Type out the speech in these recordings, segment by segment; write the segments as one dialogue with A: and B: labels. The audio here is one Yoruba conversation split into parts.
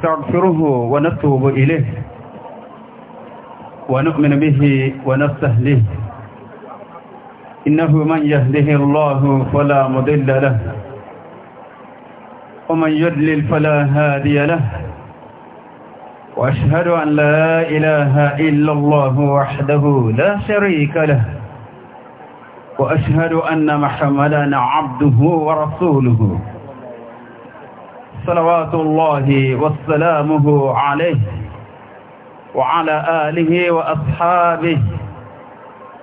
A: نستغفره ونتوب إليه ونؤمن به ونستهله إنه من يهده الله فلا مضل له ومن يضلل فلا هادي له وأشهد أن لا إله إلا الله وحده لا شريك له وأشهد أن محمدا عبده ورسوله صلوات الله وسلامه عليه وعلى آله وأصحابه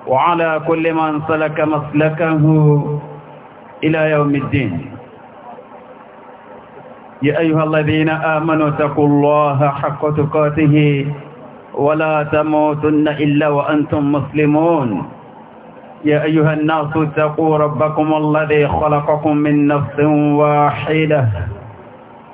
A: وعلى كل من سلك مسلكه إلى يوم الدين يا أيها الذين آمنوا اتقوا الله حق تقاته ولا تموتن إلا وأنتم مسلمون يا أيها الناس اتقوا ربكم الذي خلقكم من نفس واحدة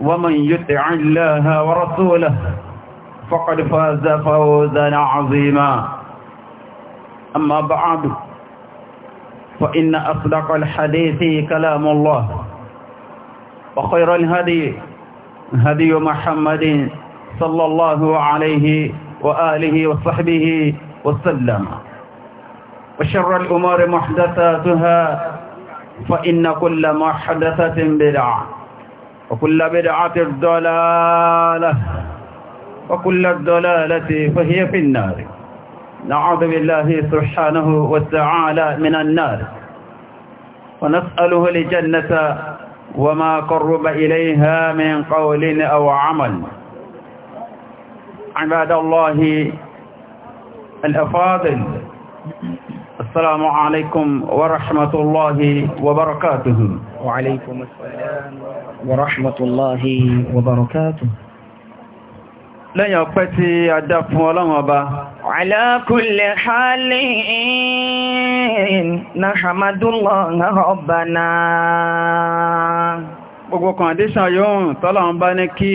A: ومن يطع الله ورسوله فقد فاز فوزا عظيما أما بعد فإن أصدق الحديث كلام الله وخير الهدي هدي محمد صلى الله عليه وآله وصحبه وسلم وشر الأمور محدثاتها فإن كل محدثة بدعة وكل بدعة ضلالة وكل الضلالة فهي في النار نعوذ بالله سبحانه وتعالى من النار ونسأله لجنة وما قرب إليها من قول أو عمل عباد الله الأفاضل السلام عليكم ورحمة الله وبركاته وعليكم السلام ورحمة الله وبركاته lẹ́yìn ọpẹ́ tí a dá fún ọlọ́run ọba. ala kulli
B: halin nahmadullaha rabbana
A: gbogbo kọndíṣàn yóò tọ́lọ̀ ń bá ní kí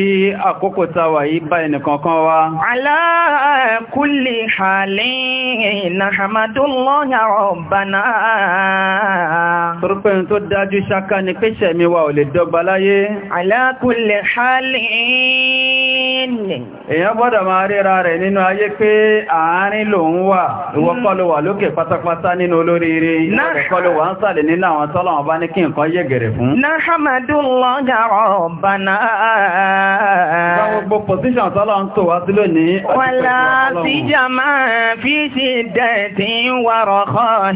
A: àkókò tàwà yí bá ẹnìkankan wá.
B: Ala kulli halin nahmadullahi rabbana.
A: Torúpẹ́ tó dájú ṣáká ni pé ṣẹ̀mí wa ò lè kulli halin. Èèyàn gbọ́dọ̀ máa ríra rẹ̀ nínú ayé pé àárín lòun wà, ìwọ kọ́ ló wà lókè pátápátá nínú olóríire, ìwọ kọ́ ló wà ń sàlẹ̀ nínú àwọn tọ́lọ̀ bá ní kí nǹkan yẹ̀gẹ̀rẹ̀ fún. Náhàmàdúnlọ́ lọ́gà rọ̀bàná. Gbogbo pòsíṣàn
B: fi ṣe dẹ̀tí wàrọ̀kọ́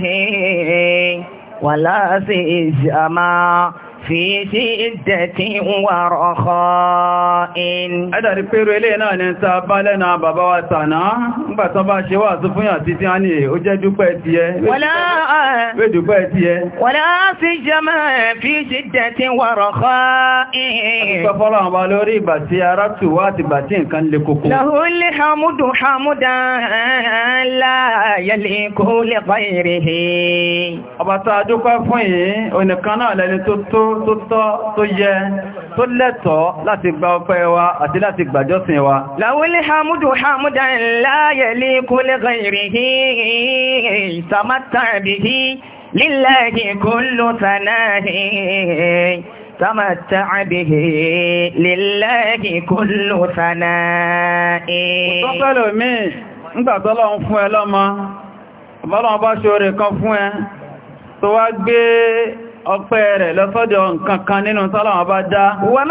B: Wàlá sí
A: fi ṣídẹ̀tí wàrọ̀ ọkọ̀ in. Ẹ́dàrí pẹ̀rọ ilé náà ni ta bá lẹ́nà bàbá wa tàná, nígbà tán bá ṣe wà tó fún yàn títí á ní è, ó jẹ́ dúpẹ́ ti ẹ. Wọ́lá
B: sí in.
A: Ọ̀pọ̀lọ́ Ọba tá dúpẹ́ fún yìí, onìkan náà lẹni tó tó tó tọ́ tó yẹ tó lẹ́tọ̀ọ́ láti gba ọpẹ́ wa àti láti gbàjọ́sìn wa.
B: Láwílé Hamudu Hamudan láyẹ̀lé kó lẹ́gbẹ̀ ìrìhí ìsàmátà bìí lílàhì fún
A: ẹ lọ́mọ, ọ̀bọ́lọ́wọ́ bá ṣe orí kan fún ẹ, tó wá gbé ọpẹ́ rẹ̀ lọ́sọ́dọ̀ nǹkan kan nínú tọ́lọ̀wọ́ bá dá wọ́n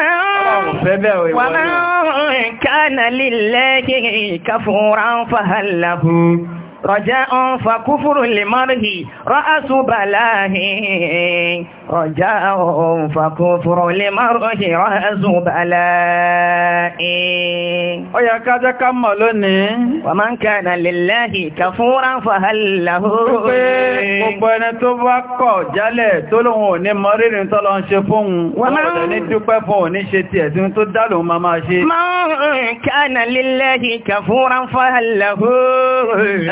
A: mẹ́rin
B: kánà lílẹ́ رجاء فكفر لمره رأس بلاه رجاء فكفر لمره رأس بلاه ويا كذا كم ومن كان لله كفورا فهل له gbogbo
A: ẹni tó bá kọ̀ jálẹ̀ tó lóhun ò ní mọ rírì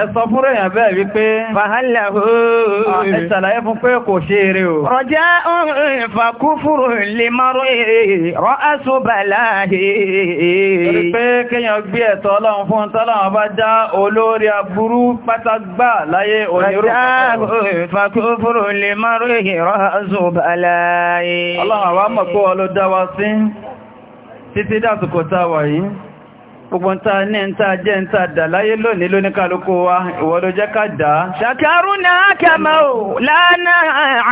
A: ẹ̀sọ́ sọ fún rẹ̀yàn bẹ́ẹ̀ wípé fàhálà ooo ẹ̀sàlàyé fún pé kò ṣe eré o rọjá ìfàkúfúrò lè márùn èrè rọ́ àṣùbàlá èrè pé kíyàn gbé ẹ̀tọ́ ọlọ́run fún tọ́lọ́run bá já olórí aburú pátágbà láyé onírò ìfàkúfúrò lè márùn èrè rọ́
B: àṣùbàlá
A: èrè ọlọ́run àwa mọ̀ pé ọlọ́dáwá sí títí dásùkò táwà yìí gbogbo ta ní ta jẹ́ ta dà láyé lónìí lóníkàlùkù wa ìwọ jẹ́ ká dà ṣàkàrù
B: náà kẹmọ́ lánà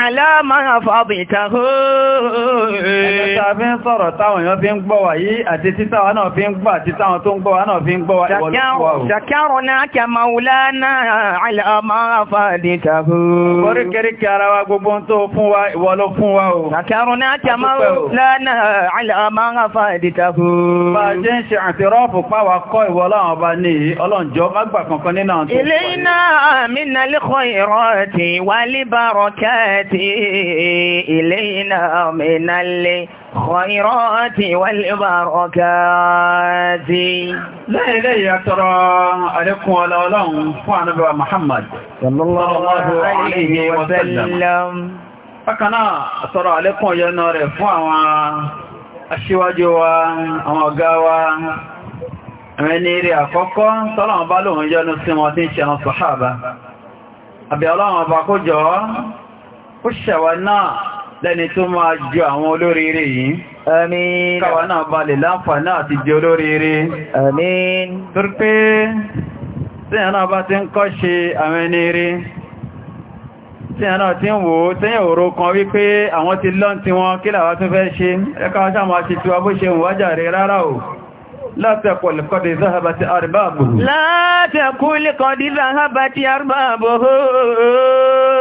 A: àlámà fàbìtàhó. ẹni ta
B: ṣàkàrù náà kẹmọ́ lánà àlámà fàbìtàhó.
A: oríkèéríkèé páwà kọ́ ìwọ láwọn ọba ní ọlọ́njọ́ mágbà kankan nínú àwọn tó kọ́. Ilé
B: iná àmìnà lẹ́kọ́ ìrọ̀ wà líbàrọ̀ kẹ́ẹ̀tì. Ilé iná àmìnà lẹ́kọ́ ìrọ̀ wà líbàrọ̀ kẹ́ẹ̀tì.
A: Lẹ́yìn Muhammad. Sallallahu alayhi wa sallam. Bákanáà àtọrọ àlékún ọyọ́nà rẹ̀ fún àwọn aṣíwájú wa, àwọn ọ̀gá wa, ẹni eré àkọ́kọ́ tọ́lọ̀wọ́n bá lóun yọ́nú sí wọn tí ń ṣe àwọn sọ̀háàbá àbí ọlọ́wọ́n bá kó jọ ó ṣẹ̀wà náà lẹ́ni tó máa jọ àwọn olóríire yìí àmín káwà náà bá lè láǹfà náà ti jẹ olóríire àmín torí pé tíyàn náà bá ti ń kọ́ tí لا تقل قد ذهبت أربابه
B: لا تقل قد ذهبت
A: أربابه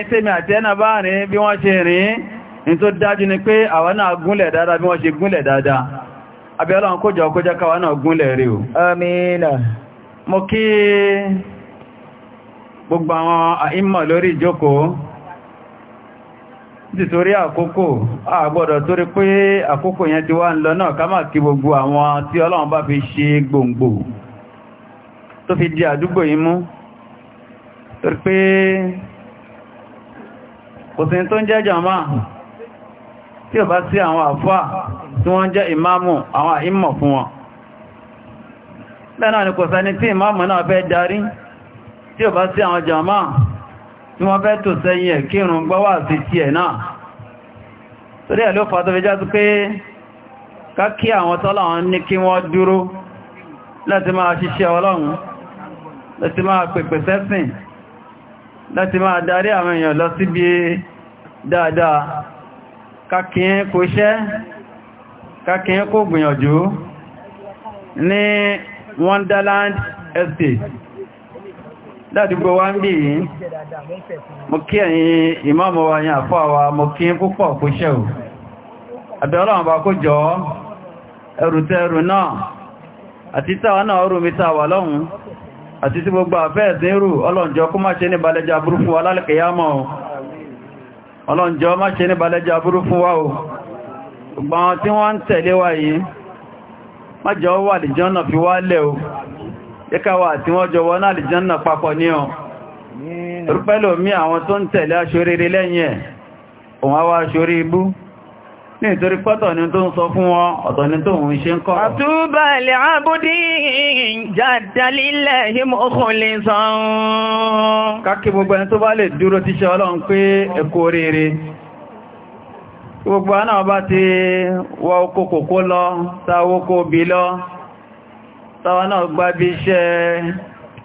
A: rìn tèmi àti ẹ̀nà bá bí wọ́n ṣe rìn ní tó dájú ni pé àwọn náà gúnlẹ̀ dáadáa bí wọ́n ṣe gúnlẹ̀ dáadáa abẹ́lọ́n kójọ kójọ káwà náà gúnlẹ̀ rí o àmín mo kí gbogbo àwọn àìmọ̀ lórí ìjókòó tó di àdúgbò yìí mú kò sí tó ń jẹ́ jàmá tí ò bá sí àwọn àfá tí wọ́n jẹ́ ìmáàmù àwọn àìmọ̀ fún wọn lẹ́nà ni kò sẹ́ni tí ìmáàmù náà fẹ́ darí tí ò bá sí àwọn jàmá tí wọ́n fẹ́ tò sẹ́yìn ẹ̀ kírun gbọ́wà sí ti ẹ̀ náà torí ẹ̀ ló fà tó fi já sí pé kákí àwọn tọ́lá wọn ní kí wọ́n dúró láti máa ṣiṣẹ́ ọlọ́run láti máa pèpè sẹ́sìn láti máa darí àwọn èèyàn lọ síbi dáadáa kákín kò iṣẹ́ kákín kò gbìyànjú ní Wonderland Estate gbogbo wá ń bí yìí mo kí ẹ̀yin ìmáàmù wa yàn fọ́ àwà mo kí ń púpọ̀ kò ṣẹ́ ò àbẹ̀ọ́lọ́ àwọn àkó jọ ẹrùtẹ́rù náà àti táwa náà rú mi lọ́hun àti tí gbogbo àfẹ́ ẹ̀sìn rù ọlọ́njọ́ kó má ṣe ní balẹ̀jà burú fún wa lálẹ́kẹ̀yàmọ̀ o ọlọ́njọ́ má ṣe ní balẹ̀jà burú fún wa o gbogbo àwọn tí wọ́n ń tẹ̀lé wa yìí má jọ wà lìjọ́nà fi wá lẹ̀ o yíkáwà tí wọ́n jọ wọ́n àlìjọ́nà papọ̀ ní ọ rúpẹ́lòmí àwọn tó ń tẹ̀lé aṣoríire ní ìtorí pọ́tọ̀ ni tó ń sọ fún wọn ọ̀tọ̀ ni tó ń ṣe ń kọ́. àtúbà lè
B: àbúdí jàdálílẹ̀ ìmọ̀kànlẹ̀ sàn.
A: kákí gbogbo ẹni tó bá lè dúró ti ṣe ọlọ́run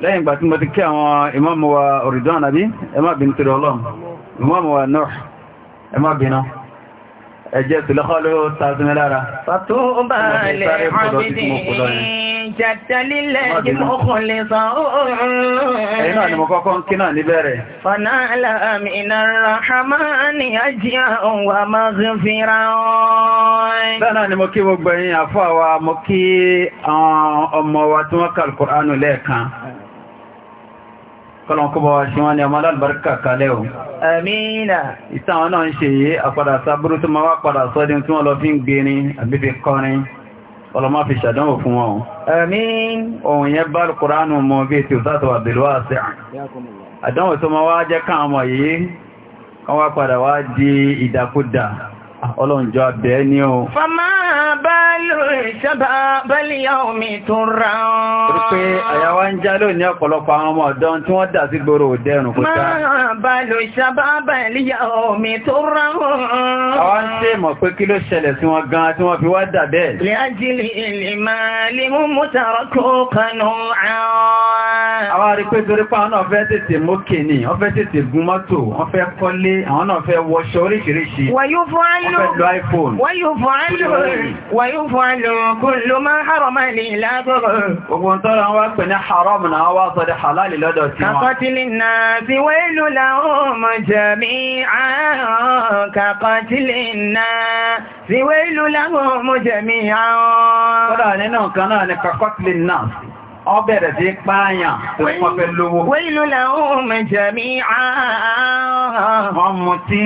A: lẹ́yìn ìgbà tí mo ti kí àwọn ìmáàmù wa Ridwan àbí ẹmá bí nítorí ọlọ́run ìmáàmù wa Nuh ẹmá bí náà ẹjẹ́ tìlọ́kọ́lú tààzùmẹ́ lára tó bá lè ọ̀bìnrin
B: jàtàlílẹ̀ ìmọ̀kùnlẹ̀ sàn oòrùn ẹ̀yìn náà ni mo
A: kọ́kọ́ ń kí náà níbẹ̀rẹ̀ fọ́nà ọmọ wa tí wọ́n kà lẹ́ẹ̀kan kọlọ̀kọ́bọ̀ ṣe wọ́n ni ọmọ alábàríkà kalẹ̀ o. Àmìnà. Ìtàwọn náà ń ṣe yé àpadà sábúrú tó máa wá padà sọ́dún tí wọ́n lọ fi ń gbé ní àbífẹ́ kọrin ọlọ́má fi ṣàdánwò fún wọn. Àmín. Ohun yẹn bá Kùránù mọ bí ètò sátọ̀ àbẹ̀lúwà sí à. Àdánwò tó máa wá jẹ́ káàmọ̀ yìí, wọ́n wá padà Ah, ọlọ́njọ́ abẹ́ ní o.
B: fama bálò ìṣẹ́bà bálì yaomi tún ra ọ́n.
A: ó pé àyàwó ń já lónìí ọ̀pọ̀lọpọ̀ àwọn ọmọ ọ̀dọ́ tí wọ́n dà sí gbòòrò dẹrùn kó tá.
B: máa bálò ìṣẹ́bà bálì yaomi tún ra ọ́n. àwọn ń
A: ṣe mọ̀ pé kí ló ṣẹlẹ̀ sí wọn gan tí wọ́n fi wá dà bẹ́ẹ̀. lè
B: ajílì ilé máa lè mú mútàrọ́ kó kanú àwọn. àwọn Wàyúfọ́lù kúlù máa hàrọ̀mà ní ìlàgbọ̀rọ̀.
A: Ogun tọ́rọ wá pè ní haram náà wá sọ di halali lọ́dọ̀ tí wọn.
B: Kàkọ́tílì ti wẹ́lú láhùn jẹ̀mí
A: jẹ̀mí àárùn. Kọ́dà nínú kan náà ni kàkọ́tílì náà ọ bẹ̀rẹ̀ sí pààyàn tó wọ́n fẹ́ lówó. wọ́n ìlú làwọn mẹjọ mi àárọ̀.
B: wọ́n mu tí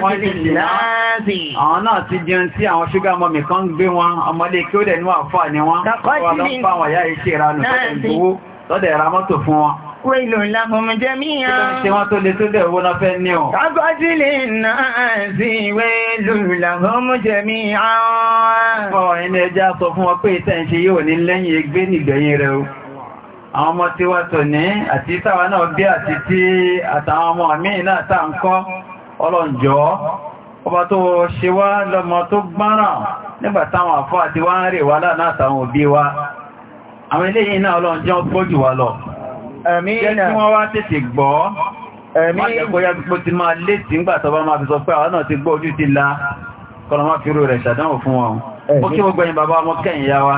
B: wọ́n lè lè láàzì.
A: àwọn náà ti jẹun sí àwọn ṣúgà lọ́dẹ̀ ra mọ́tò fún wọn. Wèlò lábùnmù jẹ́ míyàn. Kí ló ń ṣe wọ́n tó lè tó lè wọ́n fẹ́ ní o? Kábọ́dílé náà sí wèlò lábùnmù jẹ́ míyàn. Fọ́ ẹni ẹjá sọ fún wọn pé ìtẹ́ ń ṣe yóò ní lẹ́yìn egbé nìgbẹ̀yìn rẹ̀ o. Àwọn ọmọ tí wá tò ní àti táwa náà bí àti tí àtàwọn ọmọ míì náà tá ń kọ́ ọlọ́njọ́. Ọba tó ṣe wá lọ́mọ tó gbọ́ràn nígbà táwọn àfọ́ àti wá ń rè wá láà náà táwọn òbí wa àwọn eléyìí náà ọlọ́run jẹ́ ọgbọ́jù wa lọ jẹ́ kí wọ́n wá tètè gbọ́ má jẹ́ kó yá gbogbo ti máa lé tí ń gbà tọba máa fi sọ pé àwọn náà ti gbọ́ ojú ti la kọ́nà má fi rú rẹ̀ ṣàdánwò fún wọn ó kí gbogbo ẹ̀yin bàbá ọmọ kẹ́yìn ya wa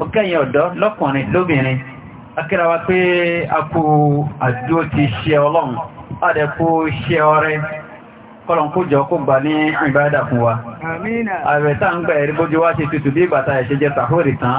A: ó kẹ́yìn ọ̀dọ́ lọ́kùnrin lóbìnrin akíra wa pé a kú àdúró ti ṣe ọlọ́run a dẹ̀ kú ṣe ọrẹ kọ́lọ̀n kó jọ kó gbà ní ìbáyàdà fún wa ààrẹ tá ń gbà ẹ̀rí bójú wá ṣe tutù bí ìgbà ta ẹ̀ṣẹ́ jẹ́ tàhórì tán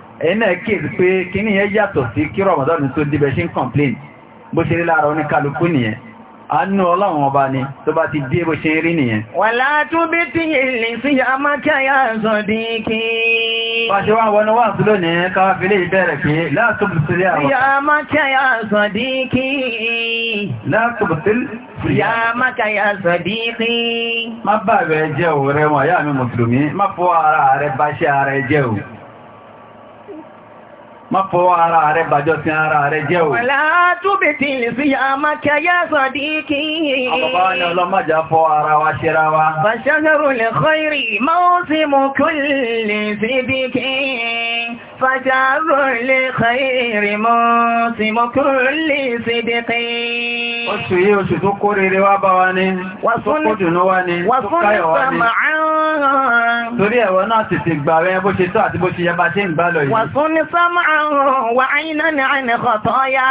A: ẹ̀yìn náà kéèdì pé kí ní yẹ yàtọ̀ sí kí rọ̀mọ̀dọ́nù tó dìbẹ̀ ṣe ń complain bó ṣe rí lára oníkálukú nìyẹn anú ọlọ́run ọba ni tó bá ti dé bó ṣe rí nìyẹn
B: wàlá tún bí tí ilé sí ya amákẹ́yà zọ̀dí
A: kí má bàbẹ̀ má fọwọ́ ara rẹ̀ bàjọ́ sí ara rẹ̀ jẹ́ ò. Wàlá
B: túbì tí lè fi àmákẹ́ yá sọ̀dí kí yìí. Àbàbá ni
A: ọlọ́mọ́já fọ ara wa ṣera wa.
B: Fàṣẹ́rù lè kọ́ ìrì máa sí mú kú lè sí bí kí. Fàṣẹ́rù lè kọ́ ìrì máa sí mú kú lè sí bí kí.
A: Oṣù yìí oṣù tó kó rere wá bá wa ní, tó kó dùnú wa ní, tó káyọ̀ wa ní. Torí ẹ̀wọ̀ náà tètè gbà rẹ bó ṣe tó àti bó ṣe yẹ bá ṣe ń gbá lọ yìí.
B: Wàsún ní sámà wà áyínà ní àìní ọ̀tọ́ yá.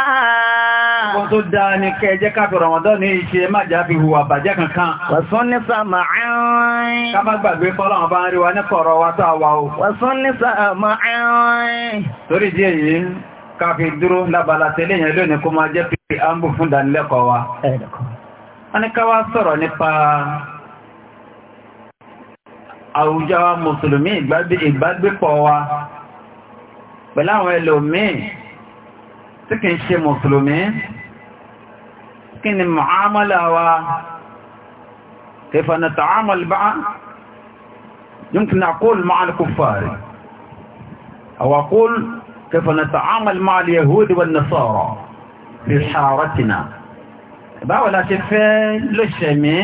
A: Wọ́n tó dá ní kẹjẹ́ káàkiri Ramadan ní iṣẹ́ má jábí hùwà bàjẹ́ kankan. Wàsún ní sàmà áyín. Ká má gbàgbé fọ́lọ́wọ́n bá ń rí wa ní kọ̀rọ̀ wa tó àwà o. Wàsún ní sàmà áyín. Torí sọ̀rọ̀ nípa àwùjọ wa Mùsùlùmí ìgbàgbépọ̀ wa pẹ̀lú àwọn ẹlòmíì tí kìí ṣe mùsùlùmí kí ni mọ̀hámọ́lá wa kẹfà na tààmàlì bá yúnkìnà kól máa ní kúfàrí àwà kól kẹfà na tààmàlì máa lè yahudi wa fi ṣàrátìna báwo la ṣe fẹ́ lóṣẹ̀mí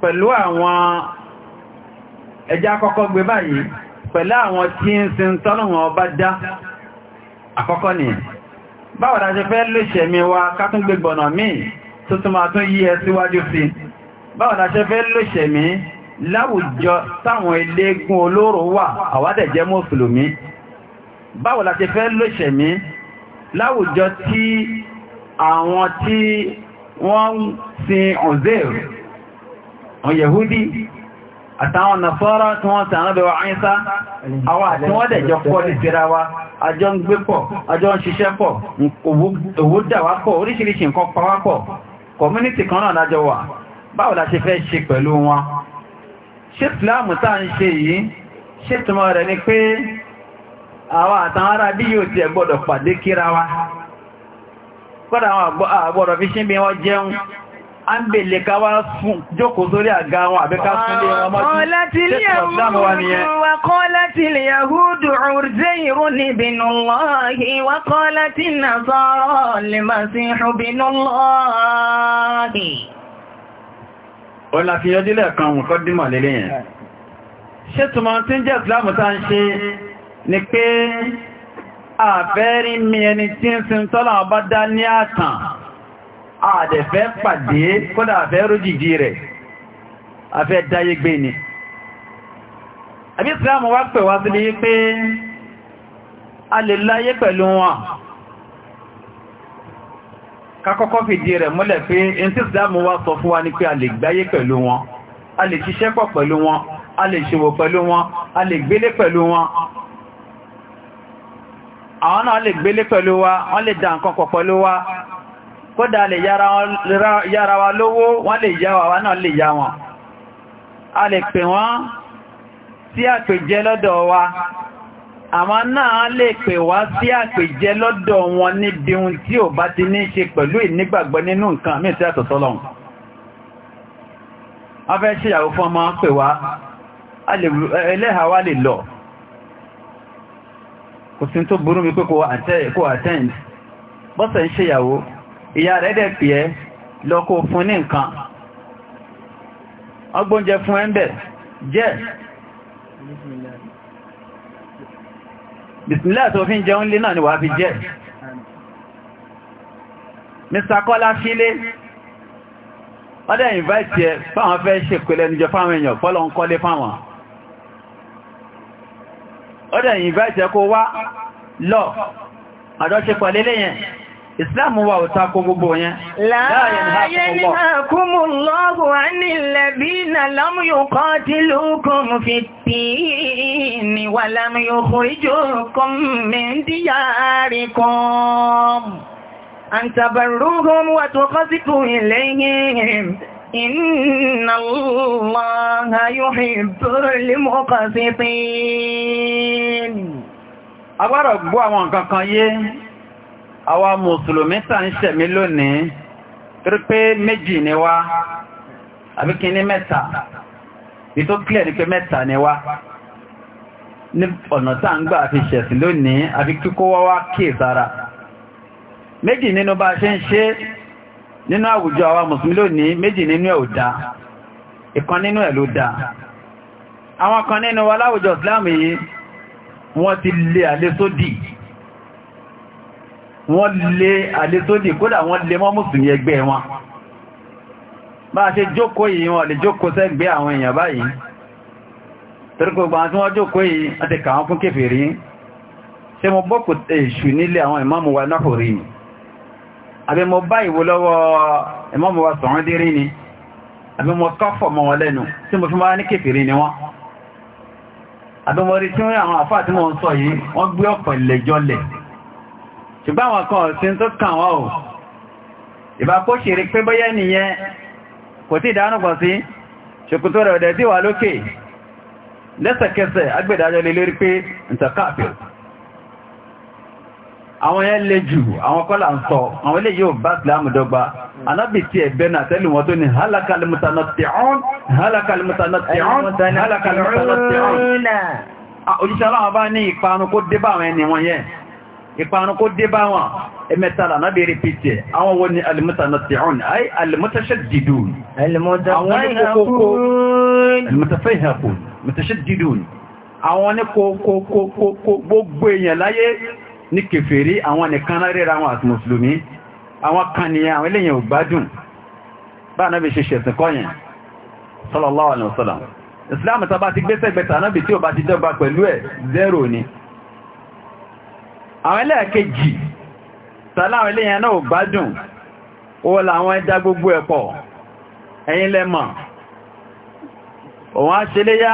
A: pẹ̀lú àwọn ẹjá kọ́kọ́ gbé báyìí pẹ̀lú àwọn tí ń sin tọ́lùwọ̀n ọba dá àkọ́kọ́ ni báwo ṣe fẹ́ lóṣẹ̀mí wa kátúngbé gbọ̀nà míì tó tún máa tún yí ẹ síwájú sí báwo la ṣe fẹ́ lóṣẹ̀mí láwùjọ táwọn eléégún olóró wà àwádẹ̀jẹ́ mùsùlùmí báwo la ṣe fẹ́ lóṣẹ̀mí láwùjọ tí àwọn tí wọ́n àtàwọn nàfọ́rá tí wọ́n tàn án bẹ̀wà àyíṣá àwọn àti wọ́n dẹ̀jọ pọ̀ ní tira wa àjọ ń gbé pọ̀ àjọ ń ṣiṣẹ́ pọ̀ òwú dàwà pọ̀ oríṣiríṣi nǹkan pàwà pọ̀ kọmúnítì kan náà lájọ wà báwo la ṣe fẹ́ ṣe pẹ̀lú wọn ṣé ìsìláàmù tá ṣe a ń bèèlè ká wá fún jókòó sórí àga wọn àbẹ́ká súnlé wọn mọ́
B: tí اليهود عرزير بن الله وقالت النصارى المسيح بن الله
A: Ọlá fi yọjú lẹ́ẹ̀kan mú kọ́ dímọ̀ lélé yẹn. Ṣé túnmọ̀ tí ń jẹ́ ìsìláàmù ni pé àfẹ́rí mi ẹni tí ń sin tọ́lá ọba dá ní àtàn àdẹ̀fẹ́ pàdé kọ́dà àfẹ́ rójìjì rẹ̀ afẹ́ dáyé gbé ni àbí Islam wá pẹ̀ wá sí ní pé a lè láyé pẹ̀lú wọn kakọ́kọ́ fìdí rẹ̀ múlẹ̀ pé in tí Islam wá sọ fún wa ní pé a lè gbáyé pẹ̀lú wọn a lè ṣiṣẹ́ pọ̀ pẹ̀lú wọn a lè ṣòwò pẹ̀lú wọn a lè gbélé pẹ̀lú wọn àwọn náà lè gbélé pẹ̀lú wa wọ́n lè dá nǹkan pọ̀ pẹ̀lú wa kódà lè yára wa lówó wọ́n lè yá wa náà lè yá wọn a lè pè wọ́n sí àpèjẹ lọ́dọ̀ wa náà lè pè wá sí lọ́dọ̀ wọn níbi ohun tí ò bá ti ní ṣe pẹ̀lú ìnígbàgbọ́ nínú nǹkan mí sí àtọ̀tọ́lọ́hun fẹ́ ṣíyàwó fún ọmọ bọ́sẹ̀ ń ìyá rẹ̀ dẹ̀ pè ẹ́ lọ́kọ́ fún ní nǹkan ọgbóúnjẹ fún ẹ́ńbẹ̀ jẹ́ bìsìnlẹ̀ tó fi ń jẹun lé náà ni wà fi jẹ́ Mr. Kọ́lá sílé ọdẹ́ invite ẹ fáwọn fẹ́ ṣèpẹ̀lẹ̀ níjọ fáwọn èèyàn fọ́lọ̀ ń kọ́lé fáwọn ọdẹ́ invite ẹ wá lọ àjọṣepọ̀ lélẹ́yìn Islam wa ò tako gbogbo yẹn.
B: Láàáyé ní àkúmù lọ́wọ́ wà ní lẹ́bí na lámúyòkọ́ tí lókùn fi tí ní wà lámúyòkọ́ ìjókùn mẹ́ndíyà rí kan. Àǹtàbàrúhùn wà tó kọ́sìtò ìlẹ́yìn Inna
A: Allaha àwa mùsùlùmí tà ń ṣẹ̀mí lónìí torí pé méjì ni wá àbí kí ní mẹ́ta bí tó clear ní pé mẹ́ta ni wá ní ọ̀nà tà ń gbà fi ṣẹ̀sìn lónìí àbí kíkó wá wá kí ìsára méjì nínú bá ṣe ń ṣe nínú àwùjọ àwa mùsùlùmí lónìí méjì nínú ẹ̀ ò ìkan nínú ẹ̀ ló dá àwọn kan nínú wa láwùjọ Islam yìí wọ́n ti lé àlé sódì so wọ́n lé alé tó dì kódà wọ́n lé mọ́ mùsùlùmí ẹgbẹ́ wọn bá ṣe jókòó yìí wọ́n lè jókòó sẹ́gbẹ́ àwọn èèyàn báyìí torípò gbà tí wọ́n jókòó yìí a ti kàwọn fún kèfèrí ṣe mo bọ́kù èṣù nílé àwọn ìmáàmù ni àbí mo kọ́fọ̀ mọ́ wọn lẹ́nu tí mo ni wọ́n àbí mo rí tí wọ́n àwọn àfáà ṣùgbọ́n àwọn kan ọ̀sìn tó kàn wọ́n ò ìbápó ṣèrè pé bọ́yẹ́ nìyẹn kò tí ìdánúgbọ̀ sí ṣòkòtò rẹ̀ ọ̀dẹ̀ tí wà lókè lẹ́sẹ̀kẹsẹ̀ agbẹ̀dájọ́ lè lórí pé ǹtàkàpẹ̀ àwọn yẹn lè jù àwọn kọ́là ń sọ àwọn ilé yóò bá ìsìlámù dọ́gba alábìtí ẹ̀bẹ́ náà tẹ́lù wọn tó ní halakalimutanatirun halakalimutanatirun halakalimutanatirun ìparun kó dé bá wọn ẹmẹ́tàlá náà bèèrè pìtì ẹ̀ àwọn wọn ni almutanatti'un ay almutashaddidun almutafahhaqun mutashaddidun àwọn ní kòkòkòkò gbogbo èèyàn láyé ní kèfèrí àwọn nìkan ríra àwọn àti mùsùlùmí àwọn kànìyàn àwọn eléyìn ògbádùn bá náà bí ṣe ṣẹ̀sìn kọ́yìn sallallahu alaihi wasallam islam tàbá ti gbẹ́sẹ̀gbẹ̀ta náà bí tí ó bá ti dọ́gba pẹ̀lú ẹ̀ zero ni àwọn ẹlẹ́ẹ̀kejì tàláwọn eléyàn náà gbádùn ó làwọn ẹja gbogbo ẹ̀pọ̀ ẹ̀yìn lẹ́mọ̀ òun á ṣe léyá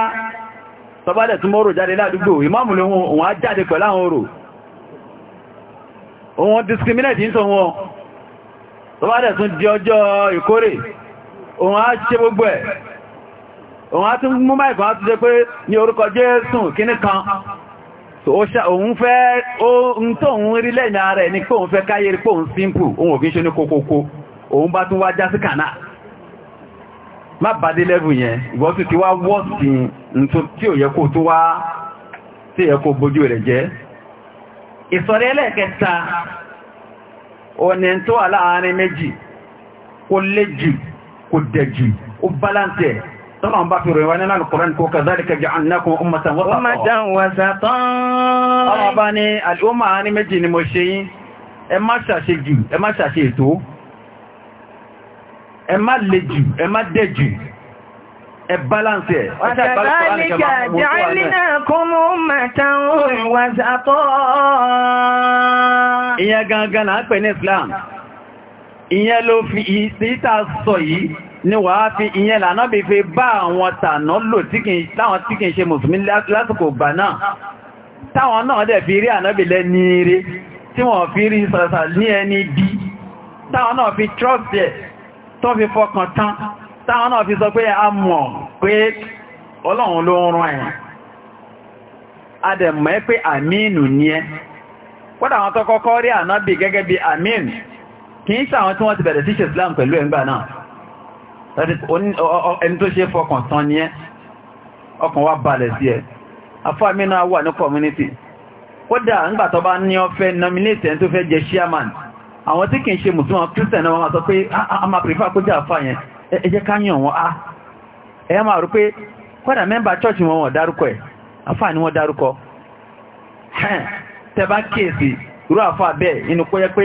A: tọ́bálẹ̀ tún mọ́rò jáde ládúgbò ìmáàmù lóhun òun á discriminate ń sọ wọn tọ́bálẹ̀ tún di ọjọ́ ìkórè òun á ṣe gbogbo ẹ̀ òun mú máìkùn á tún jẹ́ pé ní orúkọ Jésù kíní kan so ó ṣá òun fẹ́ ohun tó ń rí lẹ́yìn ara ẹ̀ ní pé òun fẹ́ káyé rí pé òun simple òun òfin ṣe ní kókókó òun bá tún wá já sí kànáà má bàdé lẹ́bù yẹn ìwọ́n tún ti wá wọ́ọ̀sì tí ò yẹ kó tún wá tí yẹ kó bójú rẹ̀ jẹ́ ìsọ̀rẹ́ tọ́nà bá fi ròyìn wá nínú alìkùnrin kó ka zálika ja'alnakum ummatan wasatan. ummatan wasatan. ọmọ bá ní al'umma ní méjì ni mo ṣe yín ẹ má ṣàṣe jù ẹ má ṣàṣe ètò ẹ má le jù ẹ má dẹ̀ jù ẹ balance ẹ̀. وكذلك جعلناكم ni wà á fi ìyẹn lànà bí fi bá àwọn tànà lò táwọn tí kìí ṣe mùsùlùmí lásìkò gbà náà táwọn náà dẹ̀ fi rí ànábì lẹ́ni rí tí wọ́n fi rí sọ̀sà ní ẹni bí táwọn náà fi trust ẹ̀ tó fi fọkàn tán táwọn náà fi sọ pé a mọ̀ pé ọlọ́run ló rán ẹ̀ a dẹ̀ mọ̀ pé àmínù ní ẹ́ kódà àwọn tó kọ́kọ́ rí ànábì gẹ́gẹ́ bí àmín kìí ṣàwọn tí wọ́n ti bẹ̀rẹ̀ sí Islam pẹ̀lú ẹ̀ngbà náà Oh, oh, oh, ẹni tó ṣe fọkàn tán ní ẹ́ ọkàn wá balẹ̀ sí ẹ̀ afáàmínà wà ní community kódà ńgbàtọ́ bá ní ọfẹ́ nominate ẹni tó fẹ́ jẹ chairman àwọn tí kìí ṣe mùsùlùmí christian na wọ́n sọ pé a ah, ah, ah, máa prefer kó jẹ́ àfá yẹn ẹ jẹ́ ká yàn wọ́n á ẹ máa rú pé kódà member church wọn wọ́n dárúkọ ẹ̀ àfá ni wọ́n dárúkọ tẹ́bá kíyèsí ruo àfá bẹ́ẹ̀ inú kó yẹ pé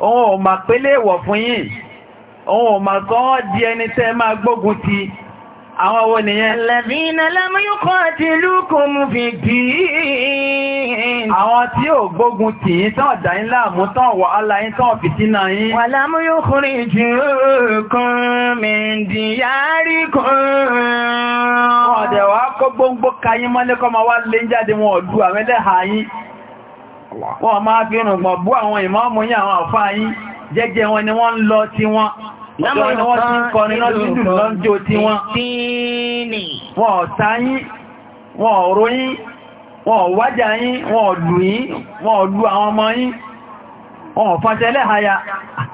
A: òun ò mà pélé ìwọ̀ fún yín òun ò mà kọ́ di ẹni tẹ́ máa gbógun ti àwọn owó nìyẹn lẹ́bìnà lámúyúkọ́ ti lúkùn mú fi dìí
B: àwọn tí ò gbógun tì yí tán dà yín láàmú tán wàhálà yín
A: tán fìtínà yín wà lámúyúkùnrin jù kan mẹ́ndìyàrí kan ọ̀dẹ̀ wà wọ́n máa fi rùngbọ̀n bú àwọn ìmáàmù yí àwọn àfáà yí jẹ́jẹ́ wọn ni wọ́n ń lọ tí wọ́n ọ̀dọ́ ni wọ́n ti ń kọ ní lọ́dún lọ́njọ́ tí wọ́n wọ́n ọ̀tá yí wọ́n ọ̀rọ̀ yí wọ́n ọ̀wájà yí wọ́n ọ̀lù yí wọ́n ọ̀lù àwọn ọmọ yí ohun fàṣẹ lẹ́haya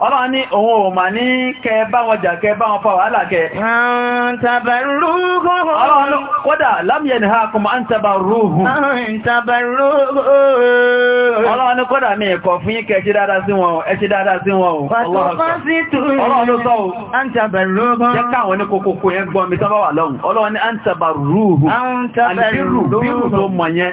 A: ọlọ́run ní ke ò ma ní kẹ bá wọn jà kẹ bá wọn fa wàhálà kẹ ọlọ́run kódà lámìyàn ní ha kùnmọ̀ ń tàbàrúhù ọlọ́run kódà mi kọ̀ fún yí ṣe dáadáa sí wọn ẹ ṣe dáadáa sí wọn ọlọ́run mi ọlọ́run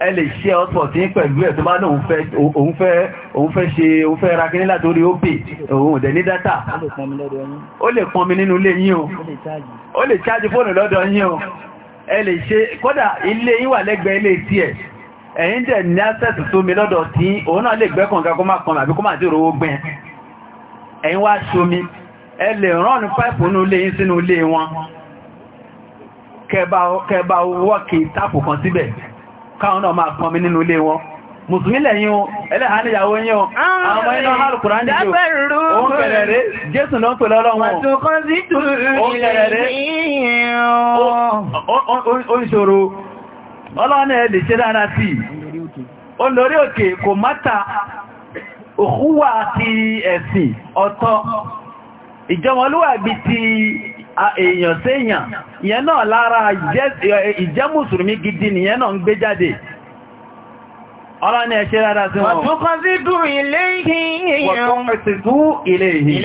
A: ẹ lè ṣe ọ́tọ̀ tí ń pẹ̀lú ẹ̀ tó bá ní òun fẹ́ ṣe òun fẹ́ ra kíní látorí ó pè òun dẹ̀ ní dátà ó lè pọn mi nínú ilé yín o ó lè chájì fóònù lọ́dọ̀ yín o ẹ lè ṣe kódà ilé yín wà lẹ́gbẹ̀ẹ́ ilé tí ẹ̀ ẹ̀yin dẹ̀ ní access tó mi lọ́dọ̀ tí òun náà lè gbẹ́ kọ̀ǹga kó má kan àbí kó má dé rówó gbẹ́ ẹ̀yin wá ṣomi ẹ lè rán ní páìpù nínú ilé yín sínú ilé wọn kẹba wọ́ọ̀kì táàpù kan síbẹ̀ káwọn náà máa nínú ilé wọn mùsùlùmí lẹ́yìn o ẹlẹ́hà yíò ah, àwọn iná alùkùrá ní òun kẹrẹ rẹ̀ jésù ló ń pè òun kẹrẹ rẹ̀ ó ìṣòro òkè kò mátà òkúwà ti ẹ̀sìn ọ̀tọ̀ ìjọmọlúwà bí ti èèyàn séèyàn ìyẹn náà lára ìjẹ́ mùsùlùmí gidi nìyẹn náà ń gbé jáde ọlá ní ẹ̀ṣẹ́ rárá sí wọn wọ́n kọ́
B: sí dùn ilé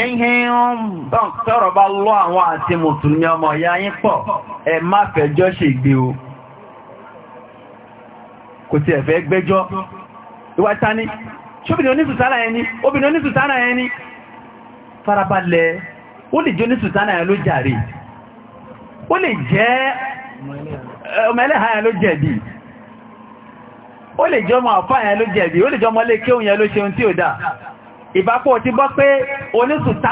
A: ìhìn ọ̀n tọ́rọ bá lọ àwọn àti mùsùlùmí ọmọ ìyá pọ̀ ẹ má ó lè jó ní sùtánà ẹ̀ ló jàre ó lè jẹ́ ọmọ ẹlẹ́hàn ẹ̀ ló jẹ̀bi ó lè jẹ́ ọmọ àfáà ẹ̀ ló jẹ̀bi ó lè jẹ́ ọmọ lè kéhùn yẹn ló ṣe tí ò dáa ìbápọ̀ ti bọ́ pé onísùtá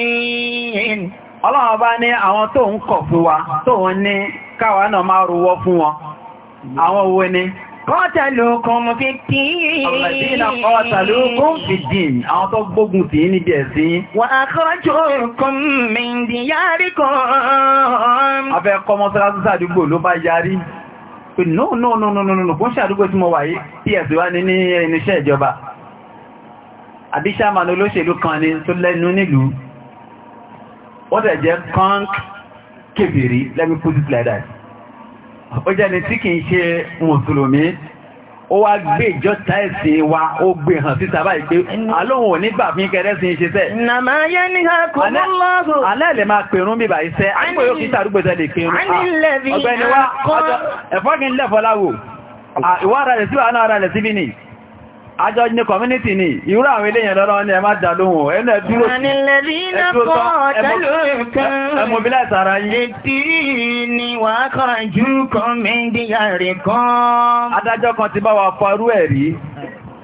A: àlìmín ọlọ́wọ́ bá ní àwọn tó ń kọ̀ fún wa tó wọ́n ní káwa náà máa rúwọ́ fún wọn àwọn owó ni kọ́tàlókùn fi àwọn tó gbógun tí níbi ẹ̀sìn wà àkọ́jọ́ òkun mìndì yárí kan abẹ́ kọmọ sọ́lásọ́sọ́ àdúgbò ló bá yarí pé What I just conk Kebiri, let me put it like that ó jẹ́ ni tí kìí ṣe mùsùlùmí ó wá gbé ìjọta ẹ̀sìn wa ó gbé hàn sí sábà ìgbé alóhun ò nígbà fi kẹrẹ́ sí iṣẹ́ sẹ́ nàmáyé ní akọ́lọ́lọ́rùn alẹ́lẹ̀ máa pèrún bíbà iṣẹ́ àgbò yóò kí sàrúgbò tẹ́ lè pèrún ah, ọgbẹ́ni wá ẹ̀fọ́gin lẹ́fọ́láwò ah, ìwọ́ ara rẹ̀ sí wà náà ara rẹ̀ sí bí ni àjọ ní community ni irú àwọn eléyàn lọ́rọ̀ ní ẹ má dá lóhùn ẹnu ẹ̀dúró ẹmọ̀bílẹ̀sára yìí adájọ́ kan ti bá wa farú ẹ̀rí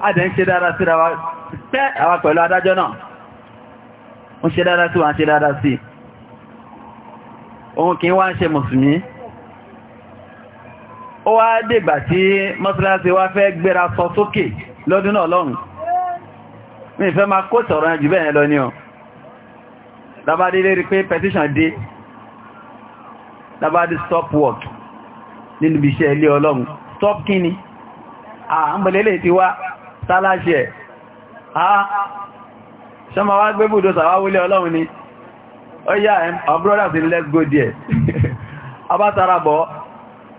A: adẹ́ ń ṣe dára síra wa pẹ́ àwa pẹ̀lú adájọ́ náà ń ṣe dára sí wa ń ṣe dára sí òun kí wá ń ṣe mùsùlùmí ó wá dìgbà tí mọ́sálásí wá fẹ́ gbéra sọ sókè so lọ́dún náà lọ́rùn mi fẹ́ máa kó sọ̀rọ̀ ẹjù bẹ́ẹ̀ lọ ní ọ labadé lérí pé petition dé labadé stop work nínú ibi iṣẹ́ ilé ọlọ́run stop kíni àmbẹ̀lẹ́lẹ̀ ti wá sáláṣẹ́ àá ṣọ́mọ wá gbé bùdó sàwáwólé ọlọ́run ni ó yá ẹ̀ our brothers in let's go there abátara bọ́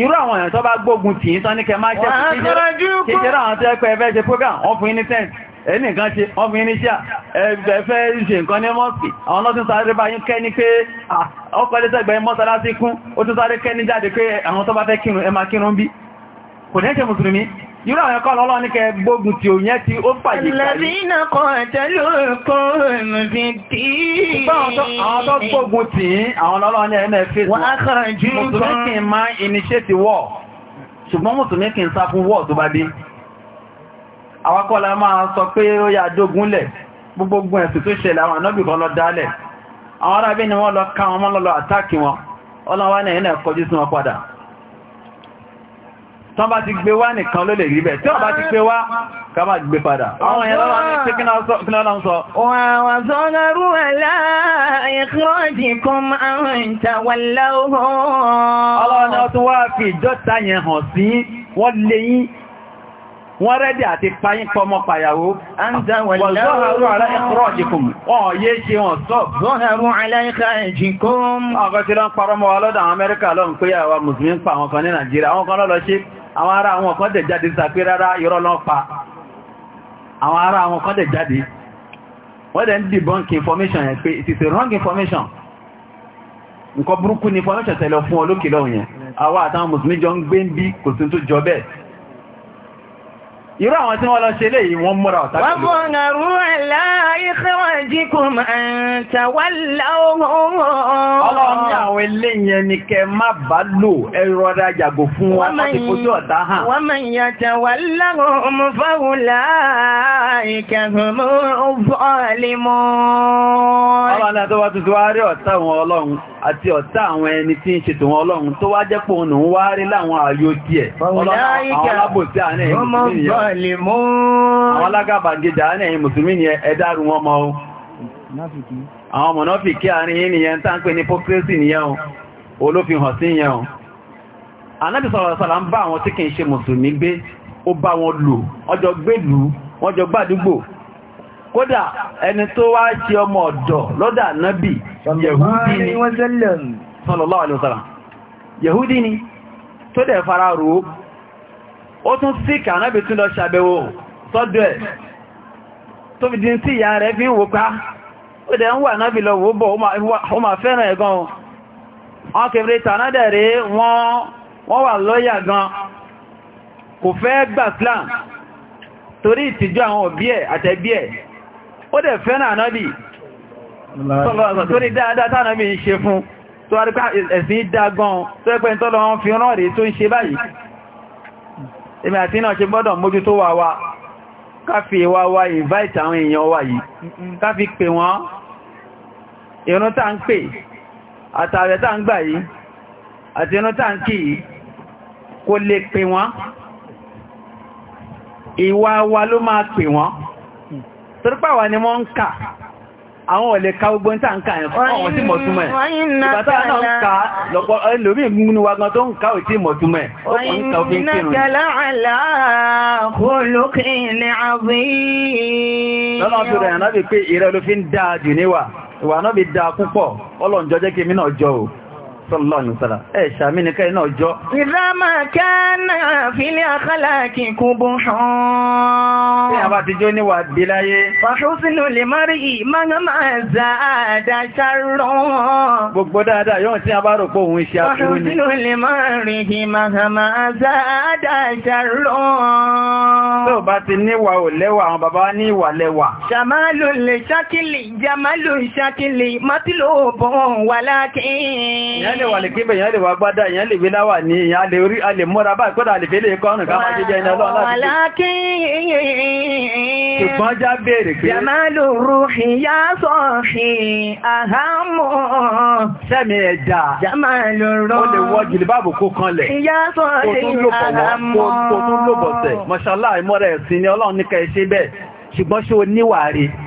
A: irú àwọn èèyàn tó bá gbógun tì í tán ní kẹ máa ṣe kéjẹ́rẹ́ àwọn tó ẹ̀kọ́ ẹ̀fẹ́ ṣe program wọ́n fún innocent ẹni nǹkan ṣe wọ́n fún iníṣẹ́ ẹ̀fẹ́ ṣe nǹkan ní mọ́sí àwọn lọ́tún sáré bá yín kẹ́ ní pé ọkọ̀ lẹ́sẹ̀gbẹ̀ mọ́sálásí kún ó tún sáré kẹ́ ní jáde pé àwọn tó bá fẹ́ kírun ẹ máa kírun bí kò ní ṣe mùsùlùmí irú àwọn ẹ̀kọ́ lọ́lọ́ ní kẹ gbógun tí ò yẹn tí ó fàyè kàrí. ẹlẹ́bínà kan àtẹ́lú kó fi tí. àwọn tó gbógun tí àwọn lọ́lọ́ ní ẹ̀nà fèsì. wọ́n á kàn jù kan. mùsùlùmí kì í máa initiate war ṣùgbọ́n mùsùlùmí kì í sá fún war tó bá dé. àwọn máa sọ pé ó yà dógúnlẹ̀ gbogbo ẹ̀sùn tó ṣẹlẹ̀ àwọn ànábì kan lọ dálẹ̀ àwọn arábí ni wọ́n lọ ká wọn mọ́ lọ́lọ́ àtáàkì wọn ọlọ́wọ́ náà ẹ̀nà ẹ̀kọjú sí wọn padà tán bá ti gbé wá nìkan ló lè rí bẹ̀ tí wọ́n bá ti gbé wá ká máa gbé padà àwọn èèyàn ní pé wọ́n rẹ́dì àti payín pọmọ pàyàwó wọ̀zọ́rọ̀ aláìkọ́rọ̀ parọ́mọ́ wa àwọn Amẹ́ríkà lọ́n pé àwọn Mùsùlùmí pa àwọn kan ní Nàìjíríà àwọn kan lọ́lọ́ ṣe àwọn ará àwọn kan dẹ̀ jáde sàpé rárá irọ́ lọ́n pa àwọn ará àwọn kan dẹ̀ jáde wọ́n dẹ̀ ń debunk information yẹn pé it is a wrong information nǹkan burúkú ni information tẹ̀lọ fún olókèlọ́ yẹn àwa àtàwọn mùsùlùmí jọ ń gbé ń bí kò sí tó jọ bẹ́ẹ̀ irú àwọn tí wọ́n lọ ṣe léyìí wọ́n múra ọ̀tá pẹ̀lú. wọ́n
B: múra rúrẹ̀lá ìkẹwàjíkùn
A: àtàwàláwọ̀. ọlọ́run ní àwọn eléyìn ni kẹ má bá lò ẹrọ ọ̀dá jàgò fún wọn láti àti ọ̀tá àwọn ẹni tí ń ṣètò wọn ọlọ́run tó wá jẹ́ pòun ń wá rí láwọn ààyò tiẹ̀ ọlọ́run àwọn alábòsí àárín ẹ̀yìn zalimun àwọn alágàbàgìjà ní ẹ̀yìn mùsùlùmí ni ẹ̀dàrù wọn mọ́ o àwọn mọ̀náfìkí àárín yìí nìyẹn tá ń pè ní pókírésì nìyẹn o olófihàn sí yẹn o anábì sọ̀rọ̀sọ̀rọ̀ ń bá àwọn tí kìí ṣe mùsùlùmí gbé ó bá wọn ọjọ́ kódà ẹni tó wá ṣe ọmọ ọ̀dọ̀ lọ́dà nábì yẹ̀húdí ni tó dẹ̀ fara rò ó tún síkà anábì tún lọ ṣàbẹ̀wò sọ́dọ̀ ẹ̀ tó fi dín tí ìyá rẹ̀ fi ń wòpá ah, ó dẹ̀ ń wà náàbì lọ wò bọ̀ ó ma fẹ́ràn ẹ̀ gan wọn kèfèrè tànádẹ̀ rẹ̀ wọ́n wà lọ́yà gan kò fẹ́ gbà slam torí ìtìjú àwọn òbí ẹ̀ àtẹ̀bí ẹ̀ ó dẹ̀ fẹ́ràn anábì torí dáadáa tánàbì ń ṣe fún tó wá rí pé ẹ̀sìn dá gan tó ẹ́pẹ́ ń tọ́lọ wọn fi rán rèé tó ń ṣe báyìí èmì àti náà ṣe gbọ́dọ̀ mójú tó wà wá káfí wá wá invite àwọn èèyàn wà yìí káfí pè wọ́n ìrun tá ń pè àtàrẹ tá ń gbà yìí àti ìrun tá ń kí yìí kò lè pè wọ́n ìwà wa ló máa pè wọ́n torípàwà ni wọ́n ń kà àwọn ọ̀lẹ̀ ka gbogbo tàǹkà ẹ̀fọ́n tí mọ̀túnmọ̀ ẹ̀ tó ń ká òtí mọ̀túnmọ̀ ẹ̀ ó kàn ń ka sallallahu alaihi wasallam ẹ ṣàmì ní kẹ́rin náà jọ.
B: ìdámà kánà fílẹ̀ àkálà kì tí a bá
A: ni.
B: fàṣọ́sínú lè má rí ìmáàmà àzà àdáṣà rán.
A: tó o bá ti níwà ò lẹ́wà àwọn bàbá ní ìwà lẹ́wà.
B: ṣàmálò lè ṣákìlì jàmálò ṣákìlì mọ́tìlò bọ̀ wà lákìn èyàn lè wà lè
A: pínpẹ̀ èyàn lè wà gbádá èyàn lè bí láwà ní èyàn lè rí a lè múra bá ìkọ́dà lè fẹ́lẹ̀ ikọ́ ọ̀nà ká máa jẹ́ ẹni ọlọ́run